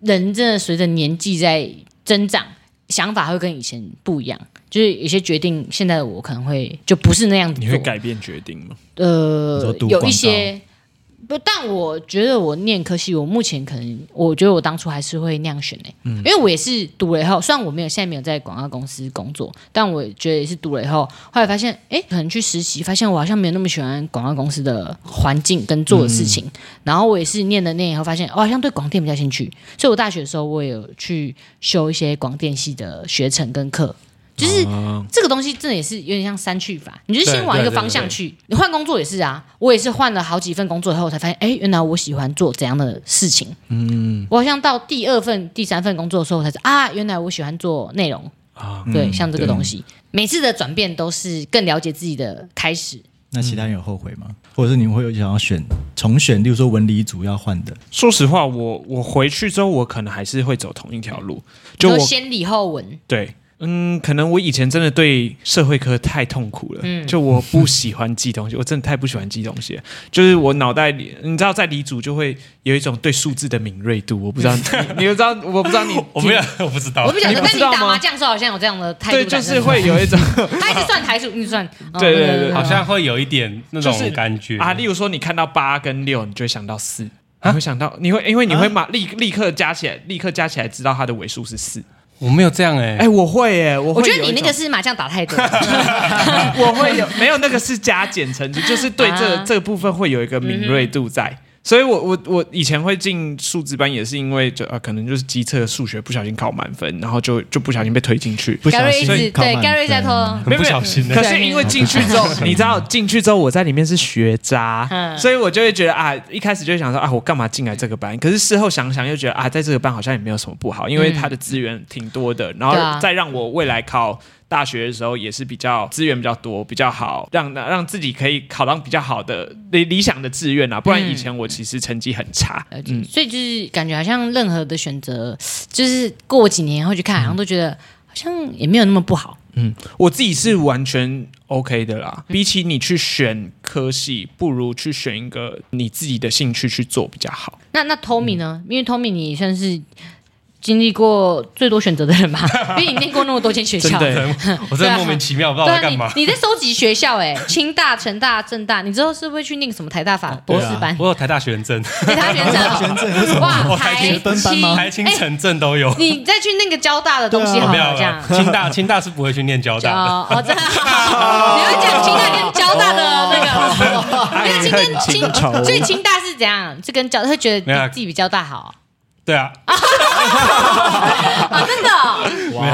人真的隨着年紀在增長、嗯，想法會跟以前不一樣。就是有些決定，現在的我可能會就不是那樣子。你會改變決定嗎？呃，有一些。不，但我覺得我念科系，我目前可能，我覺得我當初還是會那樣選、欸嗯、因為我也是讀了以後，雖然我沒有，現在沒有在廣告公司工作，但我覺得也是讀了以後，後來發現，哎、欸，可能去實習，發現我好像沒有那麼喜歡廣告公司的環境跟做的事情、嗯，然後我也是念了念以後，發現我好像對廣電比較興趣，所以我大學的時候，我也有去修一些廣電系的學程跟課。就是這個東西，真的也是有點像刪去法。你就是先往一個方向去，對對對對對，你換工作也是啊。我也是換了好幾份工作之後，我才發現，哎、欸，原來我喜歡做怎樣的事情。嗯，我好像到第二份、第三份工作的時候，我才知道啊，原來我喜歡做內容啊、嗯。對，像這個東西，每次的轉變都是更了解自己的開始。那其他人有後悔嗎？嗯、或者是你們會有想要選重選？例如說文理組要換的。說實話，我我回去之後，我可能還是會走同一條路，就先理後文。對。嗯，可能我以前真的對社會科太痛苦了。嗯，就我不喜歡記東西， *laughs* 我真的太不喜歡記東西了。就是我腦袋裡，你知道，在理組就會有一種對數字的敏銳度。我不知道你，你知道，我不知道你，我沒有，我不知道。你我不曉得，但你打麻將時候好像有這樣的態度。對，就是會有一種， *laughs* 他一直算台數，一直算、哦。對對對，好像會有一點那種感覺、就是、啊。例如說，你看到八跟六，你就會想到四、啊，會想到你會，因為你會馬、啊、立立刻加起來，立刻加起來知道它的尾數是四。我沒有這樣誒、欸，哎、欸，我會誒、欸，我會我覺得你那個是麻將打太多了， *laughs* *laughs* 我會有沒有那個是加減乘除， *laughs* 就是對這個啊、這個、部分會有一個敏銳度在。嗯所以我，我我我以前會進數字班，也是因為就啊、呃，可能就是基測數學不小心考滿分，然後就就不小心被推進去。不小心，對蓋瑞在拖，沒很不小心的。可是因為進去之後，你知道進 *laughs* 去之後我在裡面是學渣，嗯、所以我就會覺得啊，一開始就會想說啊，我幹嘛進來這個班？可是事後想想又覺得啊，在這個班好像也沒有什麼不好，因為他的資源挺多的，然後再讓我未來考。嗯大學的時候也是比較資源比較多，比較好，讓讓自己可以考上比較好的理理想的志願啊。不然以前我其實成績很差，嗯嗯嗯，所以就是感覺好像任何的選擇，就是過幾年後去看，好、嗯、像都覺得好像也沒有那麼不好。嗯，我自己是完全 OK 的啦，嗯。比起你去選科系，不如去選一個你自己的興趣去做比較好。那那 Tommy 呢，嗯？因為 Tommy 你算是經歷過最多選擇的人吧，因為你念過那麼多間學校，的欸、呵呵我在莫名其妙對、啊、不知道我在幹嘛、啊你。你在收集學校哎、欸， *laughs* 清大、成大、政大，你之後是不是會去念什麼台大法、啊、博士班？我有台大學生證。其他 *laughs* 哦、 *laughs* 台大學生證哇，台清，台、欸、清，成政都有。你再去念個交大的東西好樣、啊啊、清大， *laughs* 清、大，清大是不會去念交大的，哦，真、哦、的。 *laughs* 哦 *laughs* 哦、 *laughs* *laughs* *laughs* 你會講清大跟交大的那個，因為清跟清，所以清大是怎樣？就跟交會覺得自己比交大好。 *laughs* *laughs* 對啊， *laughs* 啊，真的，哦，哇，、wow,，完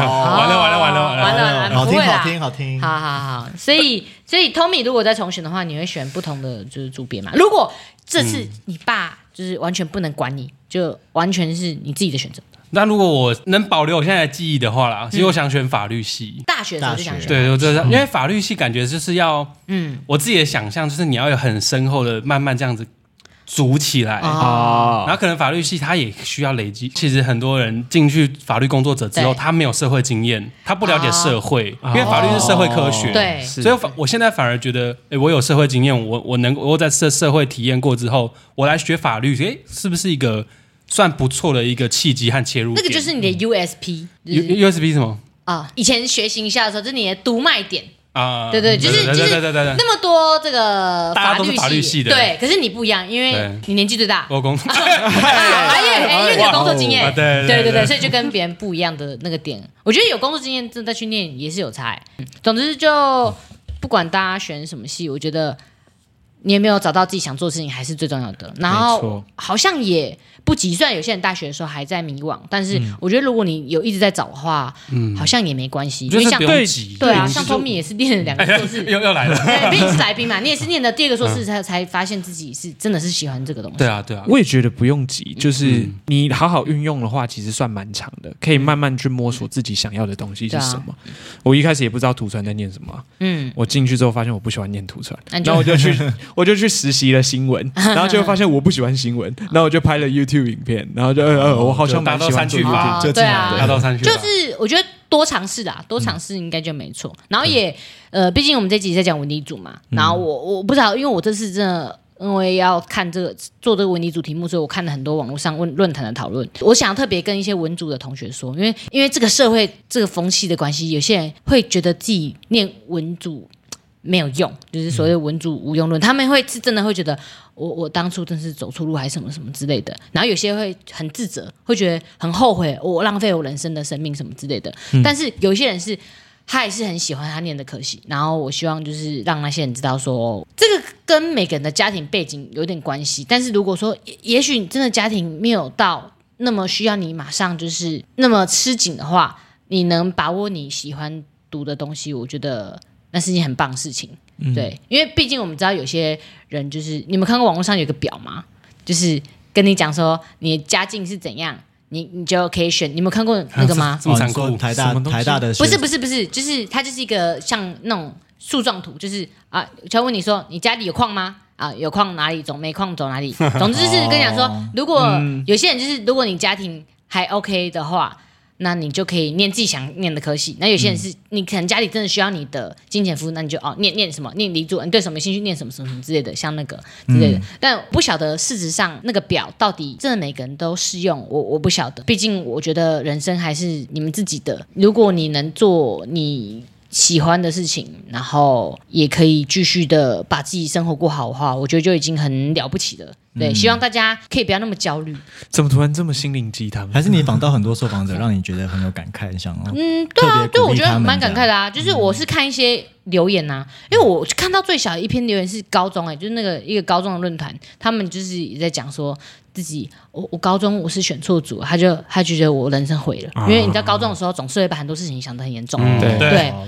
了完了完了完了，完了完了好聽好聽好聽，好好好，所以所以 Tommy 如果再重選的話，你會選不同的就是組別嘛？如果這次你爸就是完全不能管你，就完全是你自己的選擇、嗯。那如果我能保留我現在的記憶的話啦，其實我想選法律系、嗯，大學的時候就想選，對，我就是、嗯、因為法律系感覺就是要，嗯，我自己的想象就是你要有很深厚的，慢慢這樣子。組起來啊！Oh. 然後可能法律系它也需要累積。其實很多人進去法律工作者之後，他沒有社會經驗，他不了解社會，oh. 因為法律是社會科學。Oh. 對，所以我現在反而覺得，哎，我有社會經驗，我我能夠我在社社會體驗過之後，我來學法律，哎，是不是一個算不錯的一個契機和切入點？那個就是你的 USP,、嗯、U S P，U S P 什麼啊？Uh, 以前學習一下的時候，就是、你的獨賣點。啊，對對，就是就是，對對對那麼多這個法律系的，mean 對，可是你不一樣，因為你年紀最大，工 笑 iros *laughs* 啊 right, yeah, yeah, yeah, yeah, yeah. *noise* 因為你有工作經驗，uwun 對，對，對對對對， *noise* 所以就跟別人不一樣的那個點， *laughs* 我覺得有工作經驗再去念也是有差， *noise* 總之就不管大家選什麼系，我覺得。你也沒有找到自己想做的事情，還是最重要的。然後好像也不急，雖然有些人大學的時候還在迷惘，但是我覺得如果你有一直在找的話，嗯、好像也沒關係、嗯。就像，對啊，對就是、像 Tommy 也是念了兩個碩士，哎、又又來了，來賓是來賓嘛， *laughs* 你也是念的第二個碩士才、啊、才發現自己是真的是喜歡這個東西對、啊。對啊，對啊，我也覺得不用急，就是、嗯、你好好運用的話，其實算蠻長的，可以慢慢去摸索自己想要的東西是什麼。嗯啊、我一開始也不知道圖傳在念什麼，嗯，我進去之後發現我不喜歡念圖傳，那我就去。 *laughs* 我就去實習了新聞呵呵呵呵，然後就發現我不喜歡新聞，那、啊、我就拍了 YouTube 影片，然後就呃我好像拿到三句吧，就,打就對啊，拿到三句，就是我覺得多嘗試啊，多嘗試應該就沒錯、嗯。然後也呃，畢竟我們這集在講文理組嘛，然後我我不知道，因為我這次真的因為要看這個做這個文理組題目，所以我看了很多網絡上問論壇的討論。我想特別跟一些文組的同學說，因為因為這個社會這個風氣的關係，有些人會覺得自己念文組。沒有用，就是所謂文組無用論，嗯，他們會是真的會覺得我我當初真是走錯路還是什麼什麼之類的，然後有些會很自責，會覺得很後悔，我浪費我人生的生命什麼之類的。嗯，但是有些人是，他也是很喜歡他念的科系。然後我希望就是讓那些人知道說，這個跟每個人的家庭背景有點關係。但是如果說，也，也許你真的家庭沒有到那麼需要你馬上就是那麼吃緊的話，你能把握你喜歡讀的東西，我覺得。那是件很棒的事情。嗯，對，因為畢竟我們知道有些人就是，你們看過網絡上有個表嗎？就是跟你講說你的家境是怎樣，你你就可以選。你有，有看過那個嗎？你、啊、麼想過酷、哦，台大什麼東西，台大的不是不是不是，就是它就是一個像那種樹狀圖，就是啊，就問你說你家裡有礦嗎？啊，有礦哪裡走？沒礦走哪裡？總之是跟你講說，呵呵如果、嗯、有些人就是，如果你家庭還 OK 的話。那你就可以念自己想念的科系。那有些人是你可能家裡真的需要你的金錢服務，嗯、那你就哦念念什麼念理組。你對什麼興趣念什麼什麼什麼之類的，像那個之類的。嗯、但不曉得事實上那個表到底真的每個人都適用，我我不曉得。畢竟我覺得人生還是你們自己的。如果你能做你。喜歡的事情，然後也可以繼續的把自己生活過好的話，我覺得就已經很了不起了。對，嗯、希望大家可以不要那麼焦慮。怎麼突然這麼心靈雞湯？ *laughs* 還是你訪到很多受訪者，讓你覺得很有感慨， *laughs* 想要嗯，對啊，對，我覺得我蠻感慨的啊、嗯。就是我是看一些留言吶、啊，因為我看到最小的一篇留言是高中哎、欸，就是那個一個高中的論壇，他們就是也在講說。自己，我我高中我是選錯組，他就他就覺得我人生毀了，因為你在高中的時候、uh -huh. 總是會把很多事情想得很嚴重，對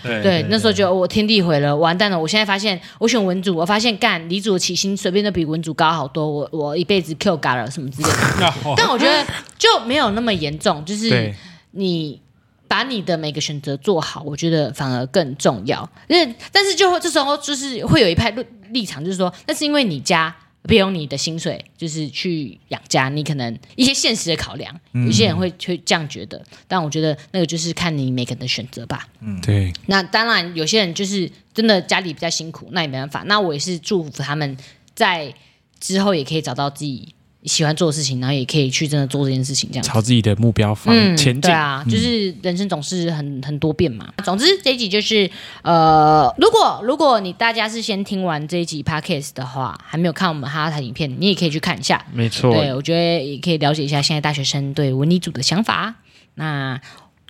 對對，那時候就我天地毀了，完蛋了。我現在發現我選文組，我發現幹理組的起薪隨便都比文組高好多，我我一輩子 Q i 幹了什麼之類的。 *laughs* 但我覺得就沒有那麼嚴重， *laughs* 就是你把你的每個選擇做好，我覺得反而更重要。因為但是就會這時候就是會有一派立場，就是說那是因為你家。比如你的薪水就是去養家，你可能一些現實的考量，嗯、有些人會會這樣覺得，但我覺得那個就是看你每個人的選擇吧。嗯，對。那當然，有些人就是真的家裡比較辛苦，那也沒辦法。那我也是祝福他們在之後也可以找到自己。喜歡做的事情，然後也可以去真的做這件事情，這樣朝自己的目標方前進。嗯、對啊、嗯，就是人生總是很很多變嘛。總之這一集就是呃，如果如果你大家是先聽完這一集 podcast 的話，還沒有看我們哈哈台影片，你也可以去看一下。沒錯，對，我覺得也可以了解一下現在大學生對文理組的想法。那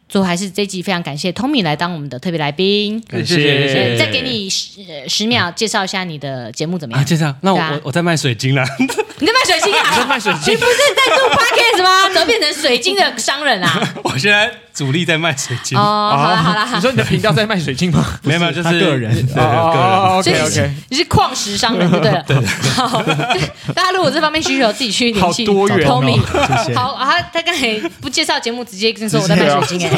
最後還是這一集非常感謝 Tommy 來當我們的特別來賓，謝謝。再給你十十秒介紹一下你的節目怎麼樣？啊、介紹。那我、啊、我,我在賣水晶了。 *laughs* 你在賣水晶啊？在賣水晶。你不是在做 podcast 嗎？ *laughs* 怎麼變成水晶的商人啊？我現在主力在賣水晶。哦，好了好了，你說你的頻道在賣水晶嗎？沒、哦、有，就是、哦、個人。對對對。Okay, OK。你是礦石商人就對了，對的。對的。大家如果這方面需求，自己去聯繫。好多元哦 Tommy，、哦、好啊，他剛才不介紹節目，直接就說我在賣水晶、欸